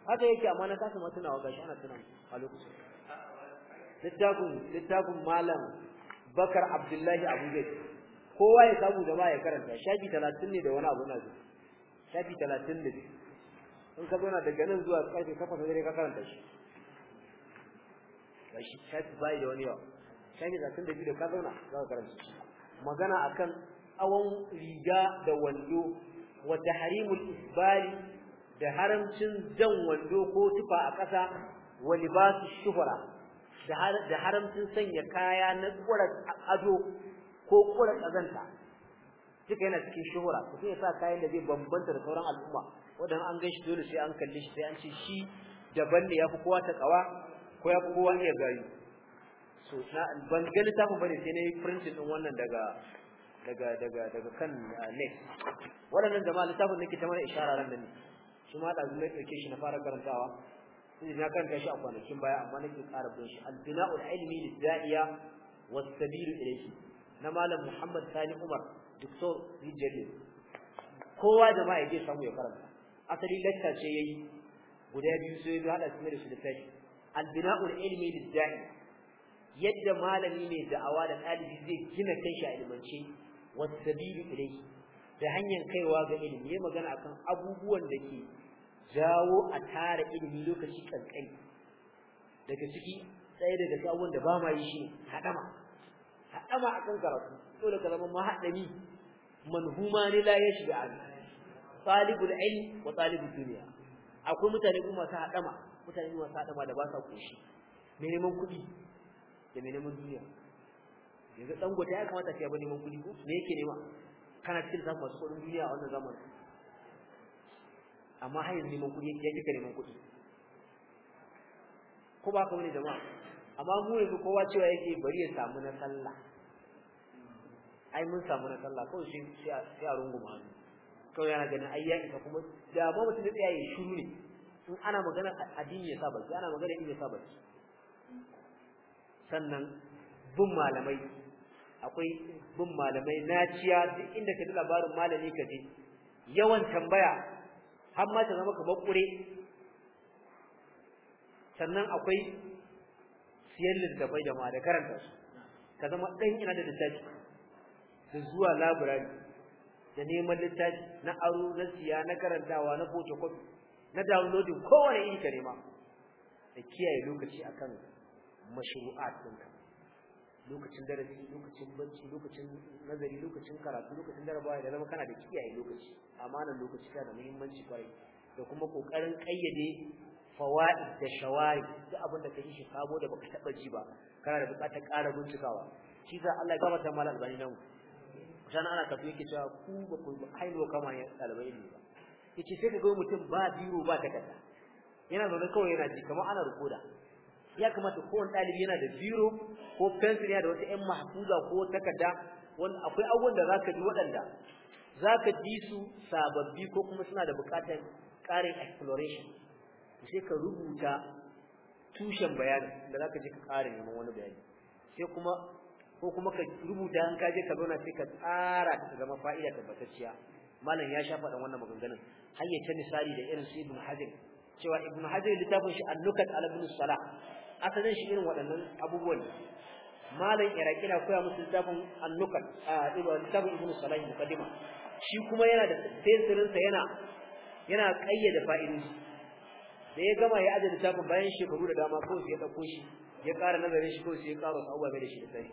haka yake amma na kasa mun tana wa gashi ana tana a lokacin littafin littafin malam Bakar Abdullahi Abu Zaid kowa ya samu jama'a ya karanta shafi 30 ne da wani abu na zai shafi 30 ne in ka zauna daga nan zuwa karfe takwas dare ka karanta shi ga shi shafi bai da wani ba shafi zaton da biyu da ka zauna za ka karanta shi magana akan awon riga da wando wa tahrimul isbali da haramcin jan wando ko tufa a ƙasa wa libasu shuhra da haramcin sanya kaya na ƙurar ado ko ƙurar kazanta duka yana cikin shuhura mutum ya sa kayan da zai bambanta da sauran al'umma wadan an gaishe dole sai an kalle shi sai an ce shi daban ne yafi kowa ta kawa ko yafi kowa ne gayu so na ban ga littafin bane sai na yi printing din wannan daga daga daga daga kan ah, net wadannan jama'a littafin nake ta mana isharar ran nan shi ma da zuwa dauke shi na fara karantawa sai na karanta shi a kwanakin baya amma nake ƙara bin shi al-bina'ul ilmi lid was-sabil ilayhi na malam Muhammad Sani Umar Dr. Rijali kowa jama'a ya je samu ya karanta asali lecture ce yayi guda biyu sai ya hada su da shi da sai albina'ul ilmi lidda'i yadda malami mai da'awa da talibi zai gina shi a ilimance wasabili ilayhi da hanyar kaiwa ga ilimi yayi magana akan abubuwan da ke jawo a tara ilimi lokaci kankan daga ciki sai daga sabon da ba ma yi shi hadama hadama akan karatu dole ka zama mahadami manhuma ne la yashbi an talibul ilmi wa talibul dunya akwai mutane kuma su hadama mutane kuma su hadama da ba sa koshi me neman kuɗi da me neman dunya yanzu dan gode ya kamata ka yaba neman kuɗi ko me yake nema kana cikin zaka su kudin dunya a wannan zamanin amma hayin neman kuɗi yake kika neman kuɗi ko ba ka wani jama'a amma mu yanzu kowa cewa yake bari ya samu na sallah ai mun samu na sallah kawai sai shi a runguma kawai yana ganin ai ya isa kuma da ba mutum da tsayaye shiru ne in ana magana addini ya sa barci? ana magana in ya sa barci? sannan bin malamai akwai bin malamai na ciya duk inda ka ji labarin malami ka je yawan tambaya har ma ta zama kamar kure sannan akwai siyan littafai ma da karanta su ka zama ɗan ina da littafi da zuwa labirari da neman littafi na aro na siya na karantawa na photocopy na downloading kowane iri kare nema da kiyaye lokaci akan mashru'at ɗinka lokacin darasi lokacin banci lokacin nazari lokacin karatu lokacin darbawa da zama kana da kiyaye lokaci amana lokaci tana da muhimmanci kwarai da kuma kokarin kayyade fawaid da shawari da abin da kake shi sabo da baka taba ji ba kana da bukatar ƙara bincikawa shi za Allah ya gabata mal albani nan wata ana kafi yake cewa ku ba ku hailo kama ya ɗalibai ne ba yace sai ka ga mutum ba biro ba takarda yana zaune kawai yana ji kamar ana rukuda. ya kamata ko wani ɗalibi yana da biro ko pencil yana da wata ɗan mahfuza ko takarda wani akwai abubuwan da zaka ji waɗanda zaka ji su sababbi ko kuma suna da buƙatar ƙarin exploration sai ka rubuta tushen bayani da zaka ji ka ƙara neman wani bayani sai kuma ko kuma ka rubuta an kaje ka zauna sai ka tsara ta zama fa'ida tabbatacciya malam ya shafa dan wannan maganganun hayyace misali da irin ibn hajar cewa ibn hajar littafin shi al lukat ala bin salah asalin shi irin waɗannan abubuwan malam iraki na koya musu littafin al-nukat littafin ibn salah muqaddima shi kuma yana da sa yana yana kayyade fa'idoji da ya gama ya ajiye littafin bayan shekaru da dama kawai sai ya ɗauko shi ya ƙara nazarin shi kawai sai ya ƙara wasu bai da shi da tsari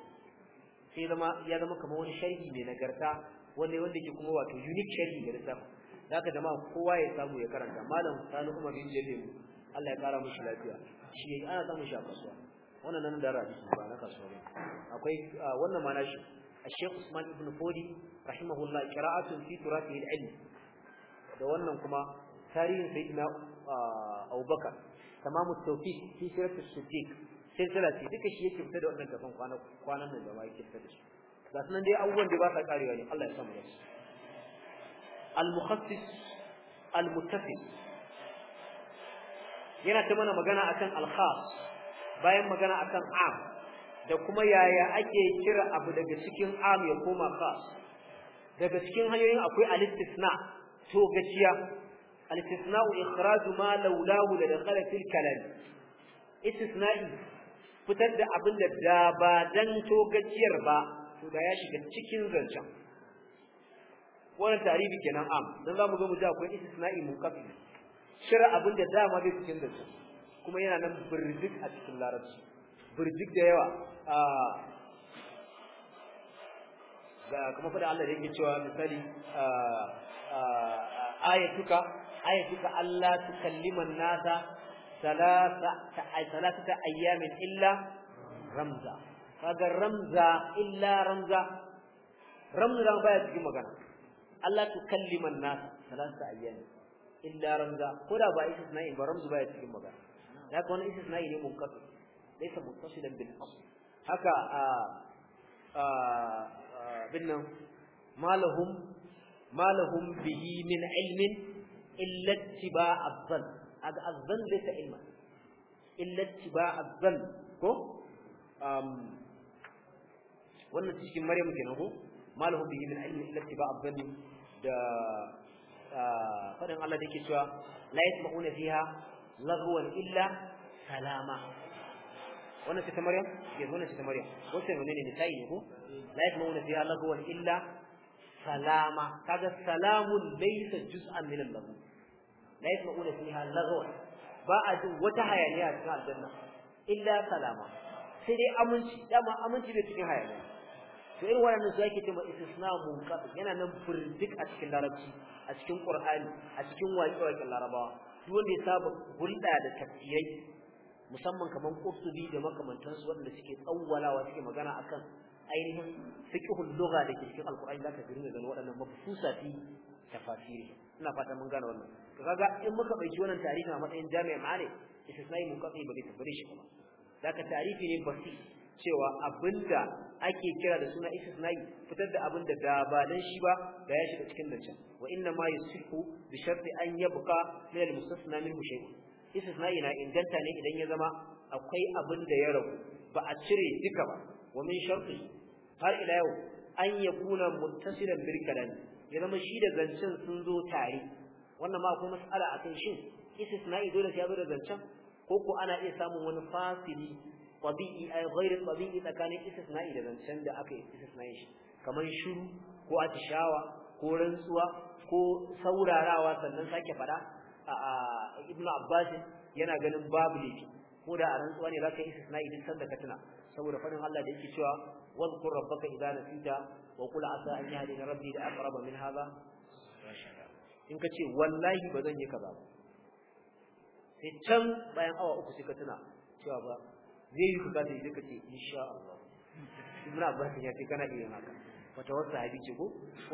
sai zama ya zama kamar wani sharhi mai nagarta wanda wanda ke kuma wato unique sharhi ga littafin zaka jama'a kowa ya samu ya karanta malam Sani Umar bin Jalil Allah ya kara mishi lafiya shi yayi ana samu shi a kasuwa wannan nan da rabi ba na kasuwa ba, akwai wannan ma nashi Sheikh Usman ibn Fodi rahimahullah qira'atun fi turafihi al-ilm da wannan kuma tarihin sayyidina Abubakar tamamu tawfiq fi sirati as-siddiq silsila ce duka shi yake fita da wannan gaban kwanan kwanan nan da ma yake fita da su ga nan dai abubuwan da ba sa karewa ne Allah ya samu da su al-mukhassis al-muttasil yana ta mana magana akan al-khas bayan magana akan am da kuma yaya ake kira abu daga cikin am ya koma khas daga cikin hanyoyin akwai al-istisna to gaciya al-istisna ikhraju ma laulahu la dakhala fil kalam istisna'i fitar da abin da da ba dan to gajiyar ba to da ya shiga cikin zancen wannan tarihi kenan am dan za mu zo mu ji akwai istisna'i kafi. shira abin da dama bai cikin zancen kuma yana nan birjik a cikin larabci birjik da yawa ah, ga kuma fada Allah yake cewa misali ah, ah, ayatuka ayatuka Allah tukalliman nasa ثلاثة أيام إلا رمزا هذا رمزا إلا رمزا رمزا باية تجمع كان الله تكلم الناس ثلاثة أيام إلا رمزا كلا باية إسنائي برمز باية تجمع كان لكن هنا إسنائي منقطع ليس متصلا بالأصل هكا بنا ما لهم ما لهم به من علم إلا اتباع الظن aga azzan zai ta ilma illaci ba azzan ko wannan cikin maryam kenan ko malahu bihi min ilmi illaci ba azzan da fadin Allah da yake cewa la yasma'una fiha lagwan illa salama wannan cikin maryam ya wannan cikin ta maryam wacce ne ne nisa'i ne ko la yasma'una fiha lagwan illa salama kaga salamun laysa juz'an min al-lagw la yasma'una fiha lagwan ba a jin wata hayaniya cikin aljanna illa salama sai dai aminci dama aminci bai cikin hayaniya to irin wannan su yake cewa istisna munqat yana nan burdik a cikin larabci a cikin qur'ani a cikin waƙe-waƙen larabawa duk wanda ya saba hulɗa da tafsirai musamman kaman qurtubi da makamantansu waɗanda suke tsawwalawa suke magana akan ainihin fiqhul lugha da ke cikin alqur'ani zaka ga irin waɗannan mabsusati tafasiri ina fata mun gane wannan kaga in muka dauki wannan tarihi a matsayin jami'a ma'ani istisnai mun katsi ba bisa bare shi kuma zaka tarihi ne basi cewa abinda ake kira da suna istisnai fitar da abinda da ba dan shi ba da ya shiga cikin nan can wa inna ma yusihu bi sharti an yabqa min al mustasna minhu shay'un istisnai na inganta ne idan ya zama akwai abinda ya rabu ba a cire duka ba wa min sharti har ila yau an yakuna muttasilan bil kalam ya zama shi da zancin sun zo tare wannan ma akwai mas'ala akan shin istisna'i dole sai ya zo da zancen ko ko ana iya samun wani fasili tabi'i ay ghairu tabi'i tsakanin istisna'i da zancen da aka yi istisna'i shi kamar shuru ko atishawa ko rantsuwa ko saurarawa sannan sake fada a ibnu abbas yana ganin babu laifi ko da a rantsuwa ne zaka yi istisna'i din sanda ka tuna saboda fadin Allah da yake cewa wadhkur rabbaka idza nasita wa qul asa an Rabi rabbi li raba min hadha in ka ce wallahi ba zan yi kaza ba sai can bayan awa uku sai ka tuna cewa ba zai yi kaza sai ka ce insha Allah ibn abbas ya ce kana iya haka wata wasu sahabi ce ko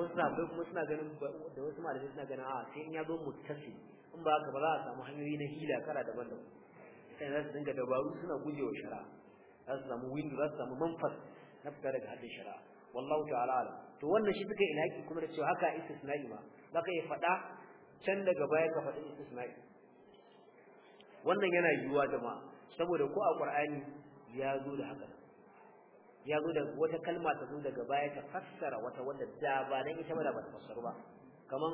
wasu sahabi kuma suna ganin da wasu malamai suna ganin a sai in ya zo mutasi in ba haka ba za a samu hanyoyi na hila kala daban-daban sai za su dinga dabaru suna gujewa shari'a za su samu window za su samu manfas na fita daga hadin shari'a wallahu ta'ala alam to wannan shi suka ilaki kuma da cewa haka istisna'i ba zaka yi fada can daga baya ka faɗi istisna'i wannan yana yiwuwa jama'a saboda ko a qur'ani ya zo da haka ya zo da wata kalma ta zo daga baya ta fassara wata wanda da ba dan ita ba da ba ta ba kaman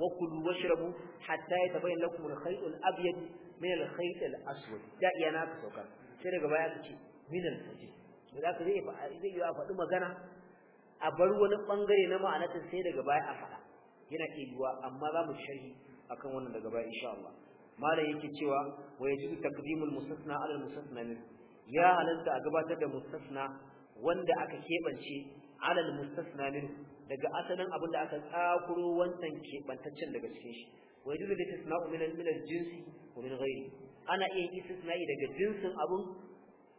wa kulu washrabu hatta yatabayyana lakum al-khayt al-abyad min al-khayt al-aswad da yana ta sauka sai daga baya ta ce min al-fajr to za ka zai zai yi a faɗi magana a bar wani bangare na ma'anata sai daga baya a faɗa yana ke yiwuwa amma za mu sharhi akan wannan daga baya insha Allah malam yake cewa wa yajibu taqdimul mustasna ala mustasna min ya halatta a gabatar da mustasna wanda aka kebance ala mustasna min daga asalin abin da aka tsakuro wancan kebantaccen daga cikin shi wa da istisna'u min al-jinsi wa min ghairi ana iya istisna'i daga jinsin abun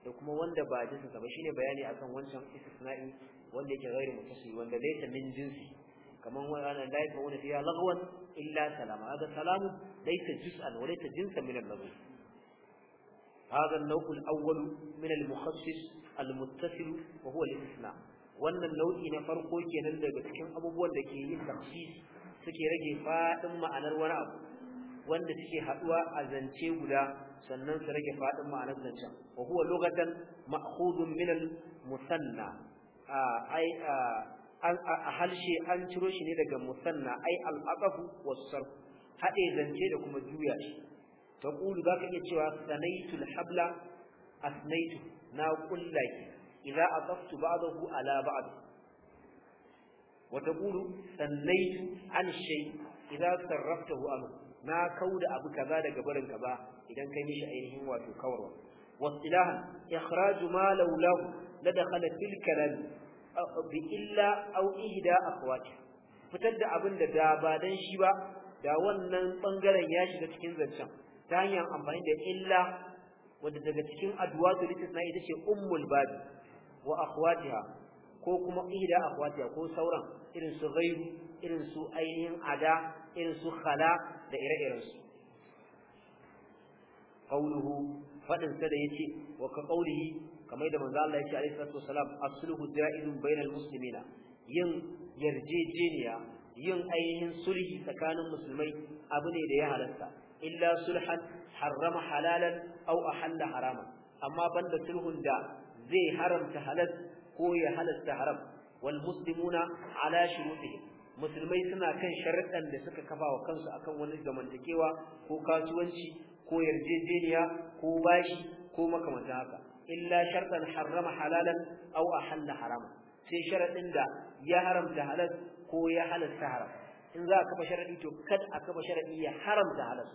da kuma wanda ba jinsin sa ba shine bayani akan wancan istisna'i wanda yake gairu mutashi wanda laysa min jinsi kaman da la yakunu ya laghwan illa salama hada salamu laysa juz'an wa laysa jinsan min al-lagwi هذا النوع al من المخصص المتصل وهو الاستثناء wannan nau'i na farko kenan daga cikin abubuwan da ke yin tafsir suke rage fadin ma'anar wani abu wanda suke haduwa a zance guda sannan su rage fadin ma'anar zancen wa huwa lugatan ma'khudun min al-musanna ai a halshe an ciro shi ne daga musanna ai al-aqaf was-sarf hade zance da kuma juya shi taqulu zaka iya cewa sanaitul habla asnaitu na kulla kullaki idza aqaftu ba'dahu ala ba'd wa taqulu sanaitu an shay idza sarraftahu amr na kauda abu kaza daga barin kaza idan kai mishi ainihin wato kawarwa wasilahan ikhraju ma laulahu la dakhala fil kalam bi illa aw ihda akhwati fitar da abin da ba dan shi ba da wannan bangaren ya shiga cikin zancen ta hanyar amfani da illa wanda daga cikin adwatul na ita ce ummul babi wa akhwatiha ko kuma ihda akhwatiha ko sauran irin su ghaibu irin su ainihin ada irin su khala da ire-irensu qawluhu fadin sa da ya wa ka qawlihi kamar da manzo Allah yace alaihi salatu wasalam asluhu da'idun bainal muslimina yin yarjejeniya yin ainihin sulhi tsakanin musulmai abu ne da ya halarta illa sulhan harrama halalan aw ahalla harama amma banda sulhun da zai haramta halal ko ya halasta haram wal muslimuna ala shurutihim musulmai suna kan sharuɗan da suka kafa wa kansu akan wani zamantakewa ko kasuwanci ko yarjejeniya ko bashi ko makamanta haka illa shartan harrama halalan aw ahalla harama sai sharadin da ya haramta halal ko ya halasta haram in za a kafa sharadi to kad a kafa sharadi ya haramta halal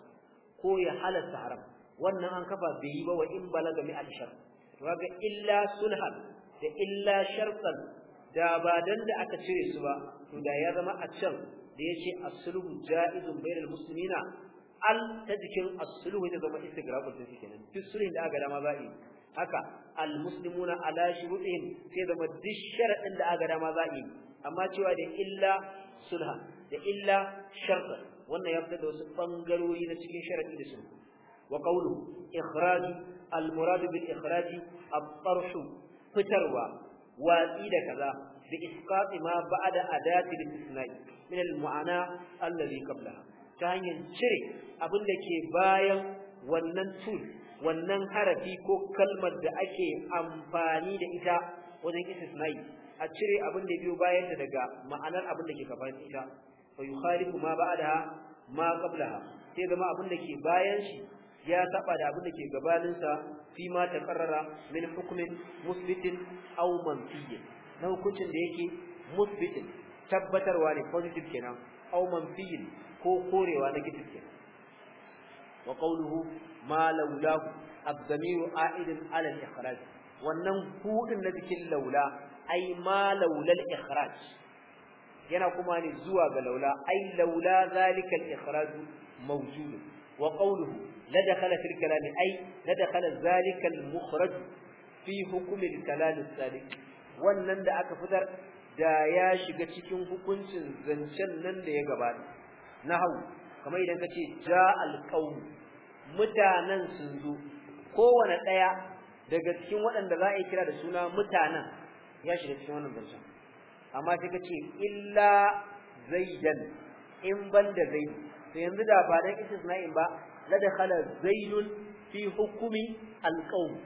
ko ya halasta haram wannan an kafa bai yi ba wa in balaga mi al-shar to ga illa sulhan da illa shartan da ba dan da aka cire su ba to da ya zama a can da yace as-sulhu ja'izun bainal muslimina al ta jikin as-sulhu da zama istigrafin su kenan duk sulhin da aka dama za yi haka al-muslimuna ala shurutihim sai zama duk sharadin da aka dama za yi amma cewa da illa sulha da illa sharta wannan ya fada wasu bangarori na cikin sharadi da sulhu wa qawlu ikhraj al-murad bil ikhraj at-tarh fitarwa watsi da kaza bi isqati ma ba'da adati al-istisna min al-mu'ana alladhi qablaha ta hanyar cire abin da ke bayan wannan tun wannan harafi ko kalmar da ake amfani da ita wajen istisnai a cire abin da biyo bayan ta daga ma'anar abin da ke gaban ita fa yukhalifu ma ba'daha ma qablaha sai zama abin da ke bayan shi ya saba da abin da ke gabanin sa fi ma taqarrara min hukmin musbitin aw fiye. na hukuncin da yake musbitin tabbatarwa ne positive kenan aw fiye. ko korewa na gidan ke wa qawluhu ma laula abdamiru a'idun ala al-ikhraj wannan hudin na cikin laula ai ma laula al-ikhraj yana kuma ne zuwa ga laula ai laula zalika al-ikhraj mawjud wa qawluhu la dakhala fil kalam ai la dakhala zalika al-mukhraj fi hukm al-kalam al wannan da aka fitar da ya shiga cikin hukuncin zancen nan da ya gabata nahwu kamar idan ka ce ja'al qaum mutanen sun zo kowane daya daga cikin waɗanda za a yi kira da suna mutanen ya shiga cikin wannan zance amma sai ka ce illa zaidan in ban da zaid to yanzu da ba suna in ba la dakhala zaidun fi hukumi alqaum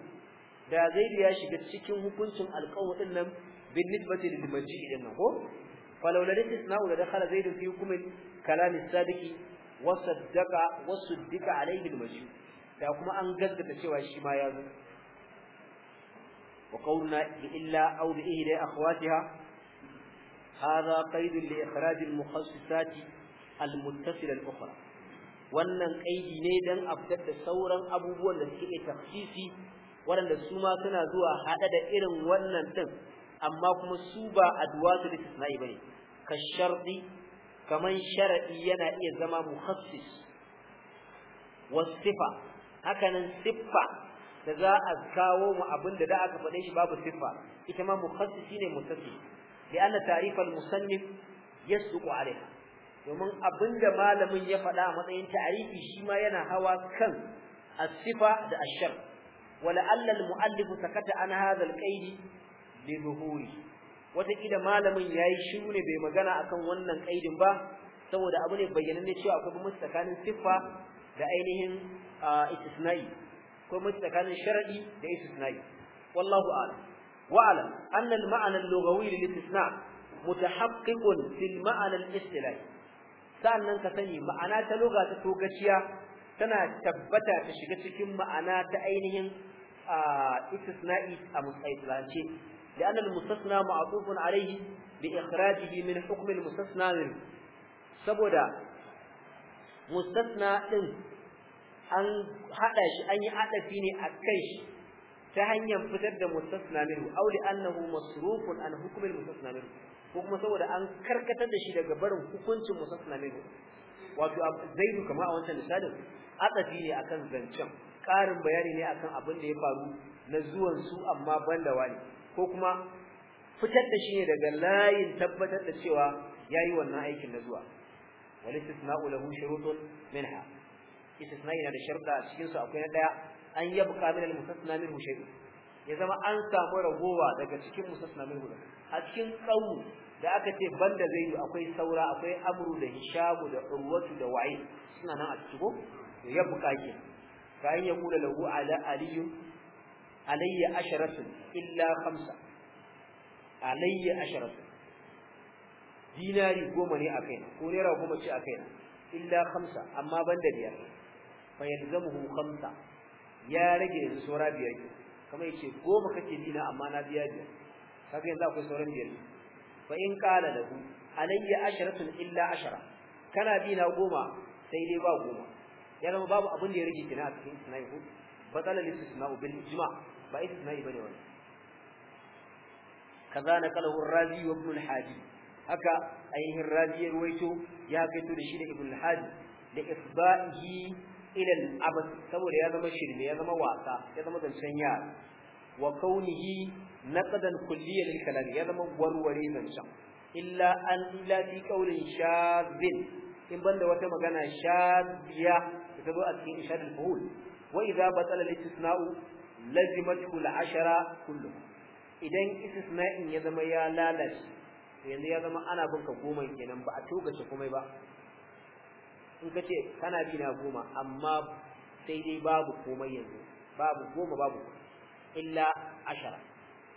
da zaid ya shiga cikin hukuncin alqaum din nan bin nisbati lil majid din nan ko فلولا الاستثناء لدخل زيد في حكم كلام الصادق وصدق وصدق عليه المجيء da kuma an gaggata cewa shi ma ya zo wa qawluna illa aw bi ihda akhwatiha hadha qaid li ikhraj al mukhassisat al muttasil al ukhra wannan kaidi ne dan abdar da sauran abubuwan da suke tafsisi waɗanda su ma suna zuwa hada da irin wannan din amma kuma su ba adwatu lisna'i bane ka sharɗi kaman sharaɗi yana iya zama mukhassis wasifa hakanan siffa da za a kawo mu abin da da aka faɗe shi babu siffa ita ma mukhassisi ne mutassi li anna ta'rif al-musannif yasduqu alayha domin abinda malamin ya faɗa a matsayin ta'rifi shi ma yana hawa kan as-sifa da ash-shar wala alla al-mu'allif sakata an hadha al-qaidi li wataƙila malamin ya yi shiru ne bai magana akan wannan ƙaidin ba saboda abu ne ne cewa akwai bambanci tsakanin siffa da ainihin istisna'i ko bambanci tsakanin sharadi da istisna'i wallahu a'lam wa'lam anna al-ma'na al-lughawi lil-istisna' mutahaqqiqun fil ma'na al-istilahi sannan ka sani ma'ana ta lugha ta togaciya tana tabbata ta shiga cikin ma'ana ta ainihin istisna'i a mutsaitilance لأن المستثنى معطوف عليه بإخراجه من حكم المستثنى منه سبدا مستثنى إن أن حدش أن يأتى أكيش فهن ينفتد مستثنى منه أو لأنه مصروف عن حكم المستثنى منه ko kuma أن كركة karkatar da shi daga منه hukuncin musasna minhu wato zaidu kamar a wancan misalin atafi ne akan zancen karin bayani ne akan abin da ya faru na zuwan su amma ban da wani ko kuma fitar da shi ne daga layin tabbatar da cewa ya yi wannan aikin na zuwa wal istisna'u lahu shurutun minha istisna'i da sharda da cikin su akwai na daya an yabqa min al-mustasna minhu shay'un ya zama an samu ragowa daga cikin mustasna minhu a cikin qawu da aka ce banda yi akwai saura akwai amru da hishabu da urwatu da wa'i suna nan a cikin ko yabqa ke kayan ya kula lahu ala aliyu alayya asharatu illa khamsa alayya asharatu dinari goma ne a kaina ko naira goma ce a kaina illa khamsa amma banda biyar fa yalzamuhu khamsa ya rage yanzu saura biyar kamar yace goma kake dina amma na biya biyar kaga yanzu akwai sauran biyar fa in qala lahu alayya asharatu illa ashara kana dina goma sai dai ba goma ya babu abin da ya rage kina a cikin sunayi hudu fatsalalin ba istisnai bane wannan kaza na kalahu razi wa ibn al-hadi haka ainihin razi ya ruwaito ya kaito da shi da ibn al-hadi da isbahi ila al saboda ya zama shirme ya zama wasa ya zama zancen yara wa kaunihi naqdan kulliyan lil kalam ya zama warware zancen illa an illa fi qawlin shadhin in banda wata magana shadhiya da zo a cikin ishadul fuhul wa idza batala al-istisna'u lazimatu al-ashara kulluha idan istisna'in ya zama ya lalace yanzu ya zama ana binka goma kenan ba a togace komai ba in ka ce kana bi na goma amma sai dai babu komai yanzu babu goma babu illa ashara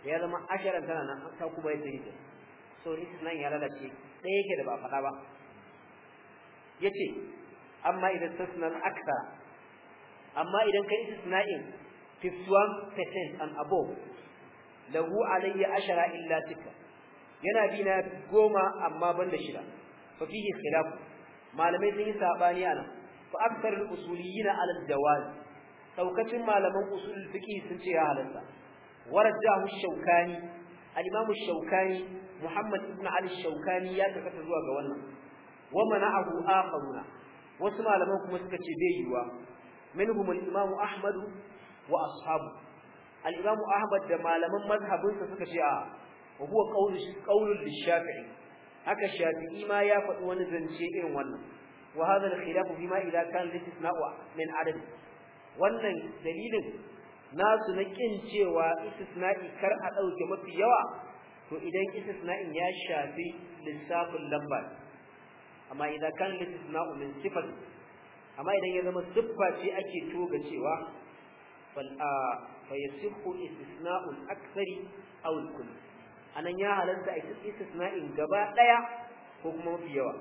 da ya zama ashara tana nan an ta kuma yadda yake so istisna'in ya lalace ɗaya yake da ba faɗa ba Ya ce amma idan tasnan aksa. amma idan ka yi istisna'in 51% and above lahu alayya ashara illa sita yana bi na goma amma ban da shida fa fihi khilaf malamai sun yi sabani ana fa akthar al usuliyyin ala al jawaz daukacin malaman usul fiqh sun ce ya halalta al shaukani al imam shaukani muhammad ibn ali shaukani ya tabbata zuwa ga wannan wa mana'ahu akharuna wasu malaman kuma suka ce bai yiwa minhum al imam ahmad wa ashabu al-imamu ahmad da malaman mazhabinsa suka ce a huwa qawlu qawlu lishafi'i haka shafi'i ma ya faɗi wani zance irin wannan wa hadha al-khilafu bima idza kan istisna'u min adadi wannan dalilin nasu na kin cewa istisna'i kar a dauke mafi yawa to idan istisna'in ya shafi lissafin lamba amma idan kan istisna'u min sifati amma idan ya zama siffa ce ake toga cewa fayyasihu istisna'ul aksari awul kulli anan ya halatta a istisna'in gaba daya ko kuma mafi yawa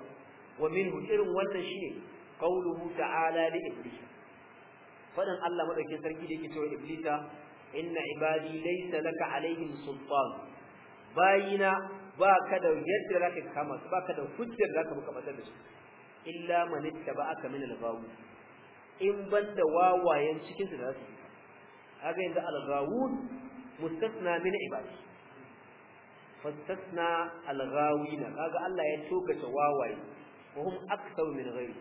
wa minhu irin wannan shine qauluhu ta'ala li iblis fadan Allah madaukin sarki da yake cewa iblisa inna ibadi laysa laka alaihim sultan bayina ka da yadda zaka kama su ka da hujjar zaka buka bata da su illa man aka min al-ghawi in banda wawayen cikin su da su kaga yanzu al-ghawud mustasna min ibadi fastasna al-ghawina kaga Allah ya tokata wawaye wa hum aktsaru min ghairi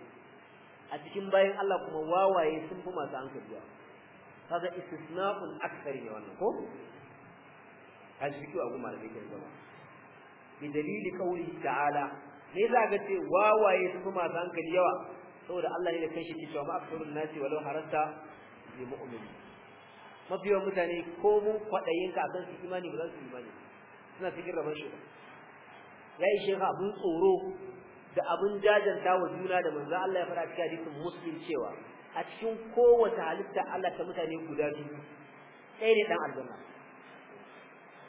a cikin bayan Allah kuma wawaye sun fi masu hankali kaga istisna'un aktsari ne wannan ko ajiki wa gumar da kai gaba bi dalili qawli ta'ala ne za ga ce wawaye sun fi masu hankali yawa saboda Allah ne da kanshi ke cewa ma aktsarun nasi walau harasta bi mu'minin mafi yawan mutane ko mun kwaɗayin ka akan su imani ba za su imani suna cikin rabon shi ba ya yi shekha abin tsoro da abin jajanta wa juna da manzo Allah ya fara cikin hadisin muslim cewa a cikin kowace halitta Allah ta mutane guda biyu ɗaya ne ɗan aljanna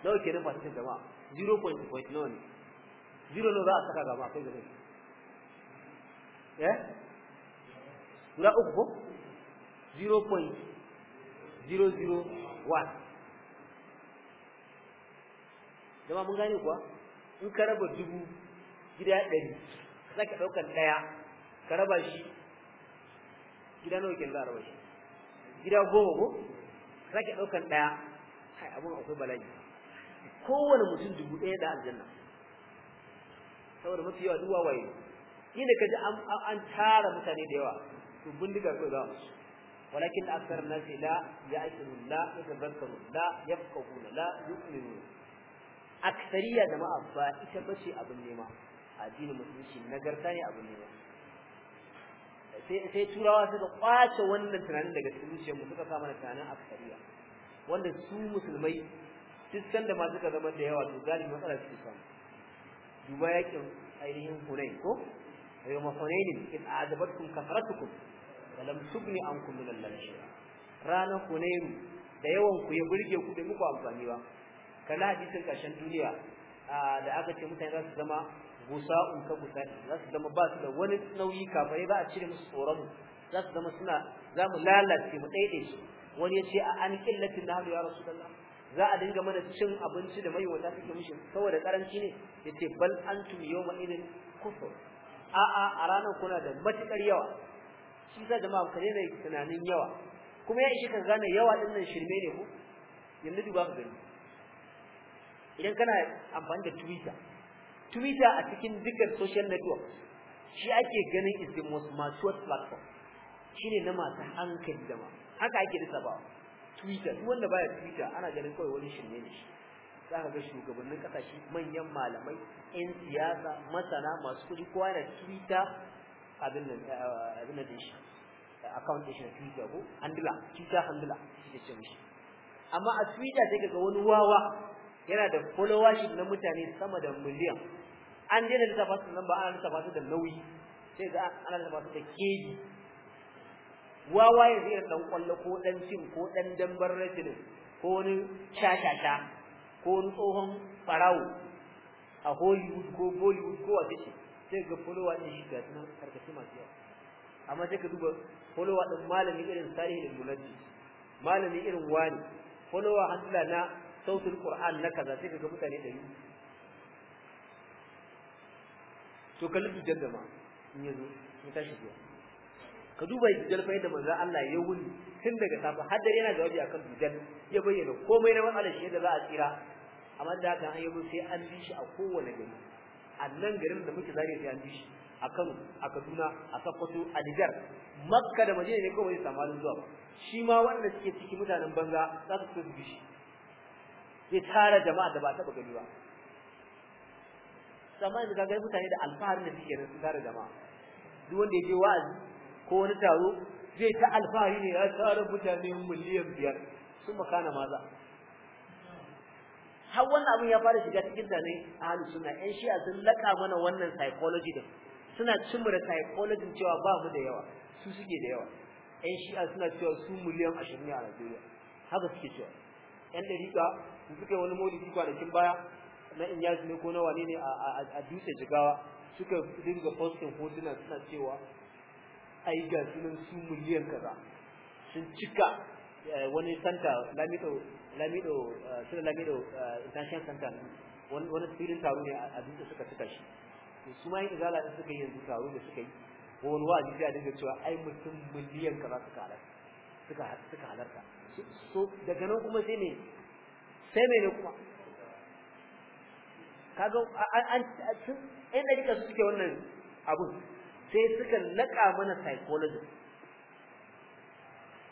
nawa kenan ba cikin jama'a point nawa ne zero nawa za a saka gaba akwai gaba eh guda uku ko point 001 zama mun gane kuwa in ka raba dubu gida ɗari za ka ɗaukar ɗaya ka raba shi gida nawa kenan za a raba shi gida goma ko za ka ɗaukar ɗaya kai abin akwai bala'i kowane mutum dubu ɗaya da aljanna saboda mafi yawa duk wawaye inda ka ji an tara mutane da yawa to bindiga kawai za a musu ولكن أكثر الناس لا يعقلون لا يتذكرون لا يفقهون لا يؤمنون أكثرية جماعة فائشة بشي أبن نيمة addinin musulunci nagarta ne abin nema sai turawa suka kwace wannan tunanin daga zuciyarmu suka kama mana tunanin aksariya wanda su musulmai duk da ma suka zama da yawa to galibi matsala su samu duba yakin ainihin hunain ko yawma hunainin in azabatkum kasratukum walam tubni ankum min allahi ranar ku ne da yawan ku ya burge ku da muku amfani ba kana hadisin kashin duniya da aka ce mutane za su zama gusa'un ka gusa za su zama ba su da wani nauyi kafare ba a cire musu tsoron za su zama suna za mu lalace mu daide su wani ya ce a an killatin na ya rasu za a dinga mana cin abinci da wata take mishi saboda karanci ne ya ce bal antum yawma idin kufur a'a a ranar kuna da matukar yawa shi da jama'a ka daina tunanin yawa kuma ya ishe ka gane yawa din nan shirme ne ko yanzu duba ka gani idan kana amfani da Twitter Twitter a cikin dukkan social network shi ake ganin is the most mature platform shine na masu hankali da ma, haka ake ba. Twitter duk wanda baya Twitter ana ganin kawai wani shirme ne shi za ka ga shugabannin kasashe manyan malamai 'yan siyasa masana masu kuɗi kowa da twitter abin nan eh, abin nan shi account din shi na Twitter ko Twitter shi amma a Twitter sai kaga wani wawa yana da followership na mutane sama da miliyan an daina da su nan ba an lissafa da nauyi sai ga ana lissafa da keji wawa ya irin dan kwallo ko dan cin ko dan dambar rajin ko wani shashasha ko wani tsohon farao a Hollywood ko Bollywood ko wace ce sai ga followa din shi ga nan karkashin masu yawa amma sai ka duba followa din malami irin da mulati malami irin wani followa hasla na sautul qur'an na kaza sai ka ga mutane dari to kalli dujjar gama ma in yazo in tashi zuwa ka duba dujjar fa yadda manzo Allah ya wuni tun daga safa har da yana jawabi akan dujjar ya bayyana komai na matsalar shi da za a tsira amma da haka an yi sai an bi shi a kowane gari a nan garin da muke zariya sai an ji shi a Kano a Kaduna a Sokoto a Niger Makka da Madina ne kawai samu halin zuwa ba shi ma wanda suke ciki mutanen banza za su so su bi shi zai tara jama'a da ba taɓa gani ba sama da kaga mutane da alfaharin da suke nan su tara jama'a duk wanda ya je wa'azi ko wani taro zai ta alfahari ne ya tara mutane miliyan biyar sun makana maza har wannan abin ya fara shiga cikin da ne ahli sunna ɗan shi'a sun laka mana wannan psychology din suna cimura psychology cewa ba mu da yawa su suke da yawa ɗan shi'a suna cewa su miliyan 20 a Najeriya haka suke cewa ɗan dariƙa su suka yi wani maulidi kwanakin baya na inyazi ne ko na wane ne a dutse jigawa suka dinga posting hotuna suna cewa ai ga sunan su miliyan kaza sun cika eh, wani santa lamito lamido da eh, lamido eh, international center wani filin taro ne a duk da suka cika shi su ma yi izala da suka yi yanzu taro da suka yi ko wani wa'azi sai a dinga cewa ai mutum miliyan kaza suka halarta suka suka halarta so daga nan kuma sai ne sai me ne kuma kaga an in da kika suke wannan abun sai suka laƙa mana psychology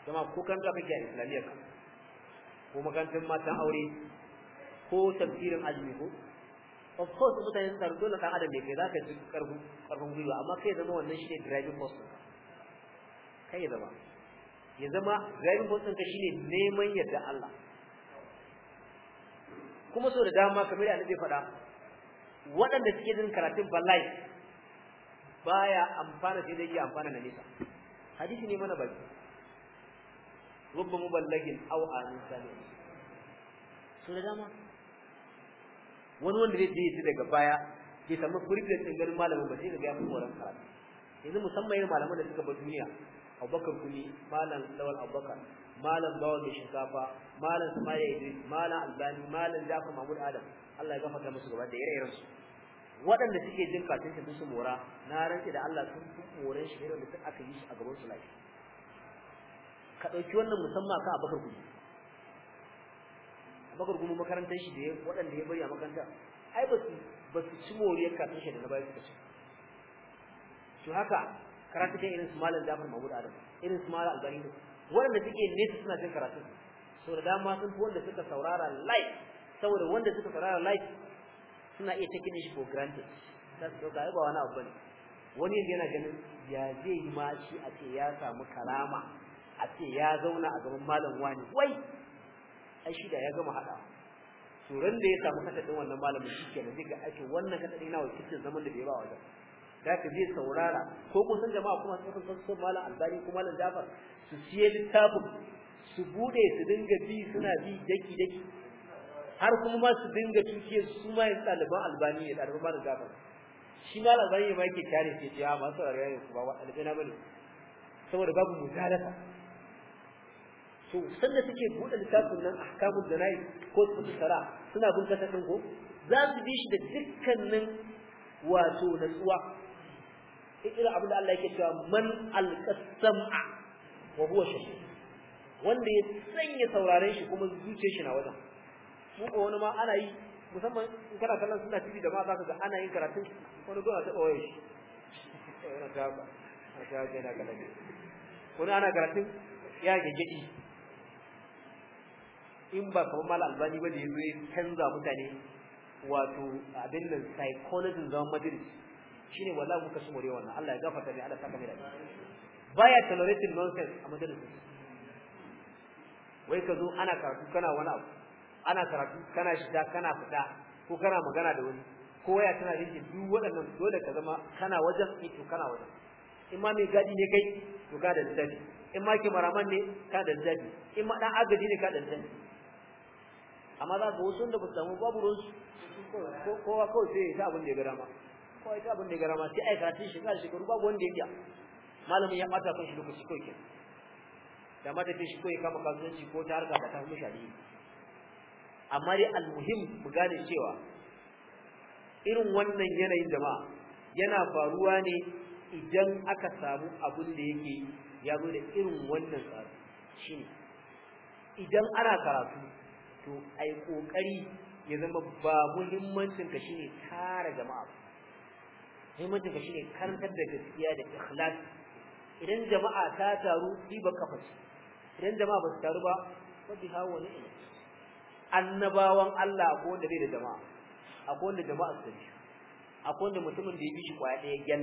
kuma ko kan ga kake kan ko makarantar matan aure ko tafsirin azumi ko of course mutane sun taru dole kan adam ne kai zaka ji karfin karfin gwiwa amma kai zama wannan shi ne driving force kai ya zama ya zama driving force ka shine neman yadda Allah kuma so da dama kamar yadda zai fada waɗanda suke jin karatun balai baya amfana sai dai ya amfana na nisa hadisi ne mana baki rubba muballagin aw amin salim so da dama wani wanda zai je daga baya ke samu kurfin din garin malamin ba sai ka ga mu moran karatu yanzu musamman irin malaman da suka ba duniya Abubakar Kuni malam Lawal Abubakar malam Bawa mai shinkafa malam Samaya Idris malam Albani malam Jafar Mahmud Adam Allah ya gafarta musu gaba da ire-iren su waɗanda suke jin katin su mora na rantsi da Allah sun more shi irin da aka yi shi a gaban su lafiya ka dauki wannan musamman ka abakar gudu abakar gudu makarantar shi da waɗanda ya bari a makaranta ai ba su ba su ci moriyar kafin shi da na bayan suka ci to haka karatu kan irin su malam jafar mahmud adam irin su malam albani waɗanda suke nesa suna jin karatu so da dama sun fi wanda suka saurara live saboda wanda suka saurara live suna iya taking shi for granted za su ga ba wani abu bane wani yana ganin ya zai yi ma shi a ce ya samu karama a ce ya zauna a gaban malam wani wai ai shi da ya gama hada turan da ya samu kata din wannan malamin shi ke da ga ake wannan kata din nawa cikin zaman da bai ba wajen da ka je saurara ko ko san jama'a kuma sai kun san malam albani kuma malam jafar su siye littafin su bude su dinga bi suna bi daki daki har kuma ma su dinga tuke su ma yin ɗaliban albani ya ɗaliban malam jafar shi ma albani ma yake kare ce ya ah, masu rayuwa ba wa albani ne saboda babu mujalafa to sanda suke buɗe littafin nan ahkamud janayi ko su tsara suna bin kasa ɗin ko za su bi shi da dukkanin wato natsuwa irin abin da Allah yake cewa man alqasama wa huwa shahid wanda ya sanya sauraren shi kuma zuciyar shi na wajen mu ko wani ma ana yi musamman in kana kallon suna TV da ma za ka ga ana yin karatun wani gona ta ɓoye shi yana ta ba ta ga yana kallon wani ana karatun ya gaggadi in ba kamar mal albani ba da ya zo ya canza mutane wato abin nan psychology zaman shi ne wala muka su more wannan Allah ya gafarta ne Allah saka mai Ba baya tolerating nonsense a madrid wai ka zo ana karatu kana wani abu ana karatu kana shida kana fita ko kana magana da wani ko waya tana rike duk waɗannan dole ka zama kana wajen ito eh, kana wajen in ma mai gadi ne kai to ka da zabi in ma ki maraman ne ka da zabi in ma dan agaji ne ka da zabi amma za ka wasu da ba samu babu ruwansu kowa kawai sai ya ta abin da ya gara ma ya ta abin da ya gara ma sai a yi karatun shekara shekaru babu wanda ya biya malamin ya ɓata kan shi lokaci kawai ke da mata ta shi kawai kama kasuwanci ko ta harka ta kasu mishari amma dai almuhim mu gane cewa irin wannan yanayin ma yana faruwa ne idan aka samu abin da yake ya zo da irin wannan tsari shi idan ana karatu to ai kokari ya zama ba muhimmancin ka shine tara jama'a muhimmancin ka shine karantar da gaskiya da ikhlas idan jama'a ta taru riba kafa idan jama'a ba su taru ba fa bi wa ne annabawan Allah ko wanda bai da jama'a akwai wanda jama'a su tafi akwai wanda mutumin da ya bi shi kwaya ɗaya gyan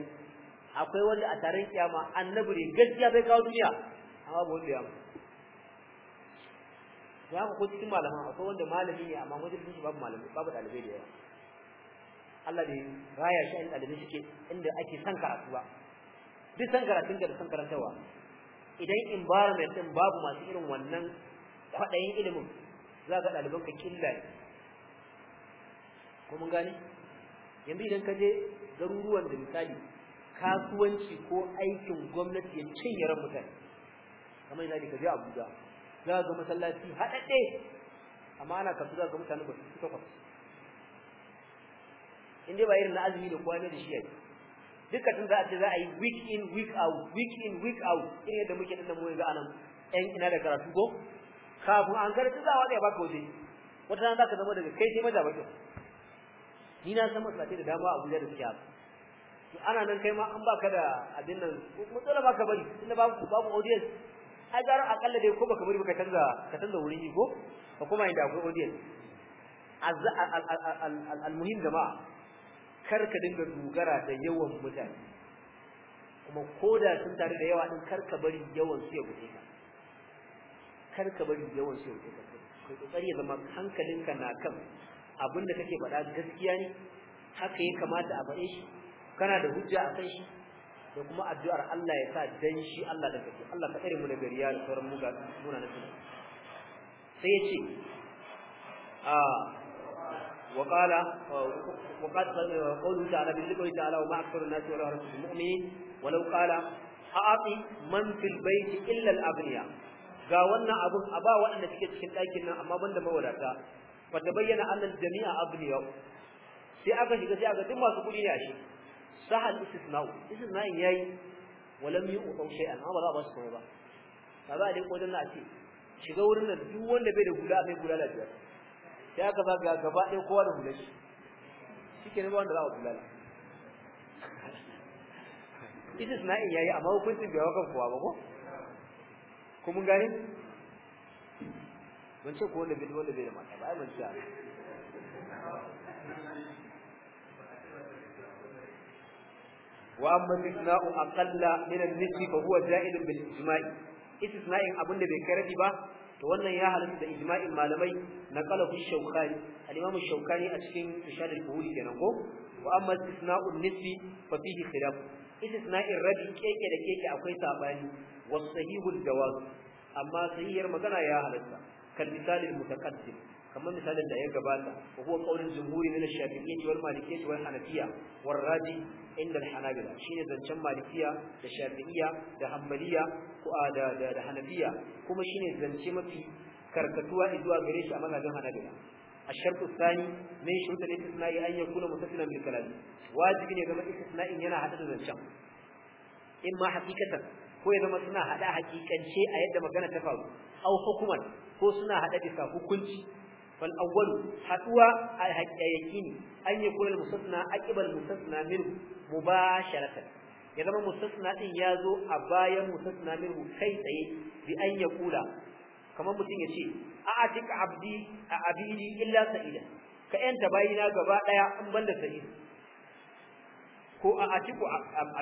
akwai wanda a taron kiyama annabi ne gaskiya bai kawo duniya amma ba wanda ya mutu to haka ko cikin malaman akwai wanda malami ne amma wajen shi babu malami babu dalibai da yawa Allah dai raya shi inda shi suke inda ake san karatuwa duk san karatun da san karantawa idan environment din babu masu irin wannan kwadayin ilimin za ga daliban ka killa ne ko mun gane yanzu idan ka je garuruwan da misali kasuwanci ko aikin gwamnati ya cinye ran mutane kamar yadda ka je Abuja za ga masallaci hadade amma ana kasu za ga mutane ba su takwas in dai ba irin na azumi da kwana ne da shi yake duka tun za a ce za a yi week in week out week in week out irin yadda muke dinnan mu ga anan ɗan ina da karatu go kafin an karatu za a ka waje wata nan za ka zama daga kai sai maza bakin ni na san masallaci da dama a Abuja da suke ana nan kai ma an baka da abin nan mutsala baka bari inda babu babu audience ai akalla dai ko baka bari baka canza ka canza wurin yi ko ka kuma inda akwai audience al-muhim jama'a kar ka dinga dogara da yawan mutane kuma koda sun tare da yawa din kar ka bari yawan su ya gude ka kar ka bari yawan su ya gude ka kai kokari ya zama hankalinka na kan abinda kake faɗa gaskiya ne haka ya kamata a faɗe shi kana da hujja a kai shi da kuma addu'ar Allah ya sa dan shi Allah da kake Allah ka tsare mu daga riya da sauran muga muna na tunani sai ya ce a ah, wa qala wa qad qawlu ta'ala bi dhikri ta'ala wa ma aktharu an-nasi wa la rasul wa law qala a'ti man fil bayt illa al-aghniya ga wannan abu a ba waɗanda suke cikin ɗakin nan amma banda mawadata fa tabayyana annal jami'a aghniya sai aka shiga sai aka duk masu kuɗi ne a shi sahal istisna'u istisna'in yayi walam yu'tau shay'an amma ba za a ba shi ba ba dai kodan na ce shiga wurin nan duk wanda bai da hula mai hula lafiya sai aka ba ga gaba ɗaya kowa da hular shi shike ne ba wanda za a hula istisna'in yayi amma hukuncin bai wakan kowa ba ko ko mun gane ban ce ko wanda bai da wanda bai da mata ba ai ban ce واما الاستثناء اقل من النصف فهو جائز بالاجماع استثناء abin da bai karbi ba to wannan ya halatta da ijma'in malamai na qalafu shawkani al-imam shawkani a cikin tushad al-fuhuli kenan ko wa amma istisna'u nisbi fa fihi khilaf istisna'in rabi keke da keke akwai sabani was sahihu al-jawaz amma sahihiyar magana ya halatta kal misali al-mutaqaddim kamar misalin da ya gabata wa huwa qaulul jumhuri min ash-shafi'iyyah wal malikiyyah wal hanafiyya wal raji inda al-hanabila shine zancen malikiyya da shafi'iyya da hanbaliyya ko da da hanafiyya kuma shine zance mafi karkatuwa zuwa gare shi a mazhabin hanabila الشرط الثاني من شروط الاستثناء أن يكون متصلا بالكلام واجب أن yana hada da حدد In ma حقيقة ko ya zama suna hada hakikance a yadda magana ta faru au hukuman ko suna hada bisa hukunci fal awwal haduwa al haqiqi an yakuna al mustasna aqibal mustasna minhu mubasharatan ya zama mustasna din ya zo a bayan mustasna minhu kai tsaye bi an yakula kamar mutum ya ce a'atik abdi a abidi illa sa'ida ka yanta bayina gaba daya in banda sa'ida ko a'atiku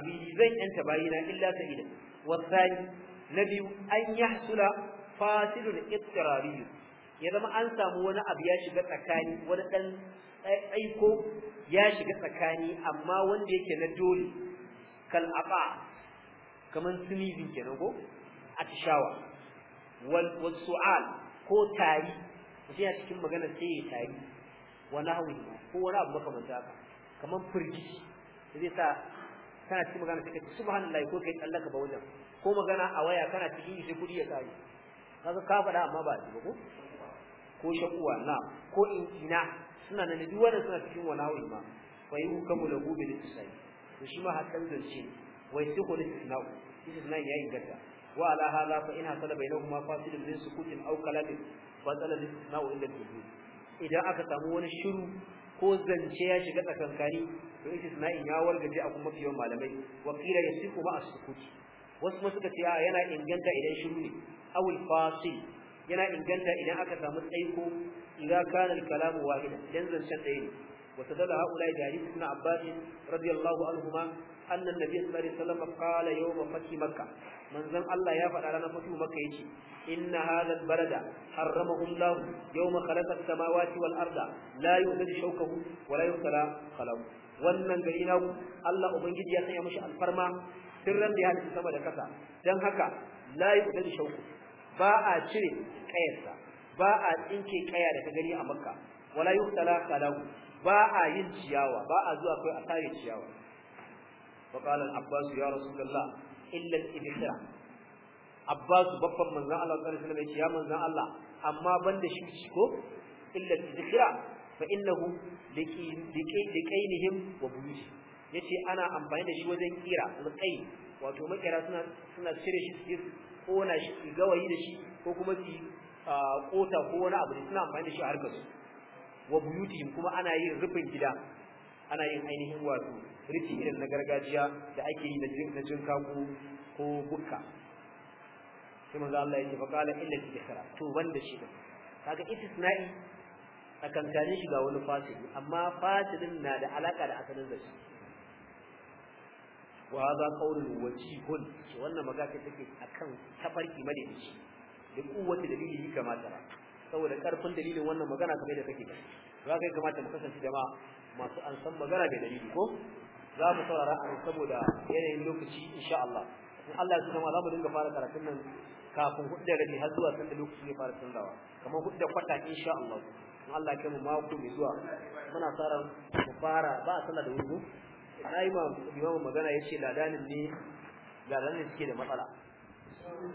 abidi zan yanta bayina illa sa'ida wasani na biyu an yahsula fasilul iqrariyyu ya zama an samu wani abu ya shiga tsakani wani dan aiko ya shiga tsakani amma wanda yake na dole kal aba kaman sunizin ke nago a tishawa wal su'al ko tari mutum ya cikin magana sai ya tari wani hawi ko wani abu makamanta haka kaman firgici zai sa kana cikin magana sai ka subhanallahi ko kai tsallaka ba wajen ko magana a waya kana cikin shi kudi ya kare kaga ka faɗa amma ba ba ko ko shakuwa na ko intina suna nan duk wannan suna cikin walawi ma fa yi hukamu da gobe da tsayi to shi ma hakan zance wai sai ko da isna'u nan ya gata wa ala hala fa sala hasala kuma fasil bin sukutin aw kalamin fa tsala isna'u illa al-jumhur idan aka samu wani shiru ko zance ya shiga tsakankani to in ya wargaje a kuma fiye malamai wa qila yasiqu ma as sukuti wasu suka ce yana inganta idan shiru ne awul fasil yana inganta idan aka samu tsaiko idza kana al-kalamu wahida dan zancen ɗaya ne wa tadalla haula jari ibn abbas radiyallahu anhuma anna nabiy sallallahu alaihi wasallam qala yawm fathi makkah manzon Allah ya faɗa ranar fatu maka yace inna hadha barada harramahu Allah yawma khalaqa as-samawati wal arda la yuhdadu shawkahu wa la yuhtala khalamu wannan gari na Allah ubangiji ya sanya mashi alfarma sirran da ya halitta sama da kasa dan haka la yuhdadu shawkahu ba a cire kayarsa ba a tsinke kaya da ka gani a makka wala yuktala kalahu ba a yin ciyawa ba a zuwa kai a tare ciyawa fa qala al-abbas ya rasulullah illa al-ibhra abbas babban manzon Allah sallallahu alaihi wasallam ya manzon Allah amma banda shi ko illa al-ibhra fa innahu liqi liqi liqainihim wa buyuti yace ana amfani da shi wajen kira alqai wato makira suna suna cire shi kona shi su gawayi da shi ko kuma su kota ko wani abu da suna amfani da shi a harkar su wa buyutihim kuma ana yin rufin gida ana yin ainihin wato rufi irin na gargajiya da ake yi na jinka ko bukka sai manzo Allah ya ce fa qala illa tikra to banda shi da kaga istisna'i a kankanin shi ga wani fasili amma fasilin na da alaka da asalin da shi wa hadha qawlun wajihun wannan magana take akan tafarki madaidaici da kuwwata dalili kama tara saboda karfin dalilin wannan magana kamar da kake gani za ka kamata mu kasance jama'a masu an san magana da dalili ko za mu saurara a saboda yanayin lokaci insha Allah in Allah ya kuma za mu dinga fara karatun nan kafin hudu da har zuwa sanda lokaci ya fara tsandawa kamar hudu kwata insha Allah in Allah ya kai mu mako mai zuwa muna sa ran mu fara ba a da wuri na yi magana ya ce ladanin ne ladanin suke da matsala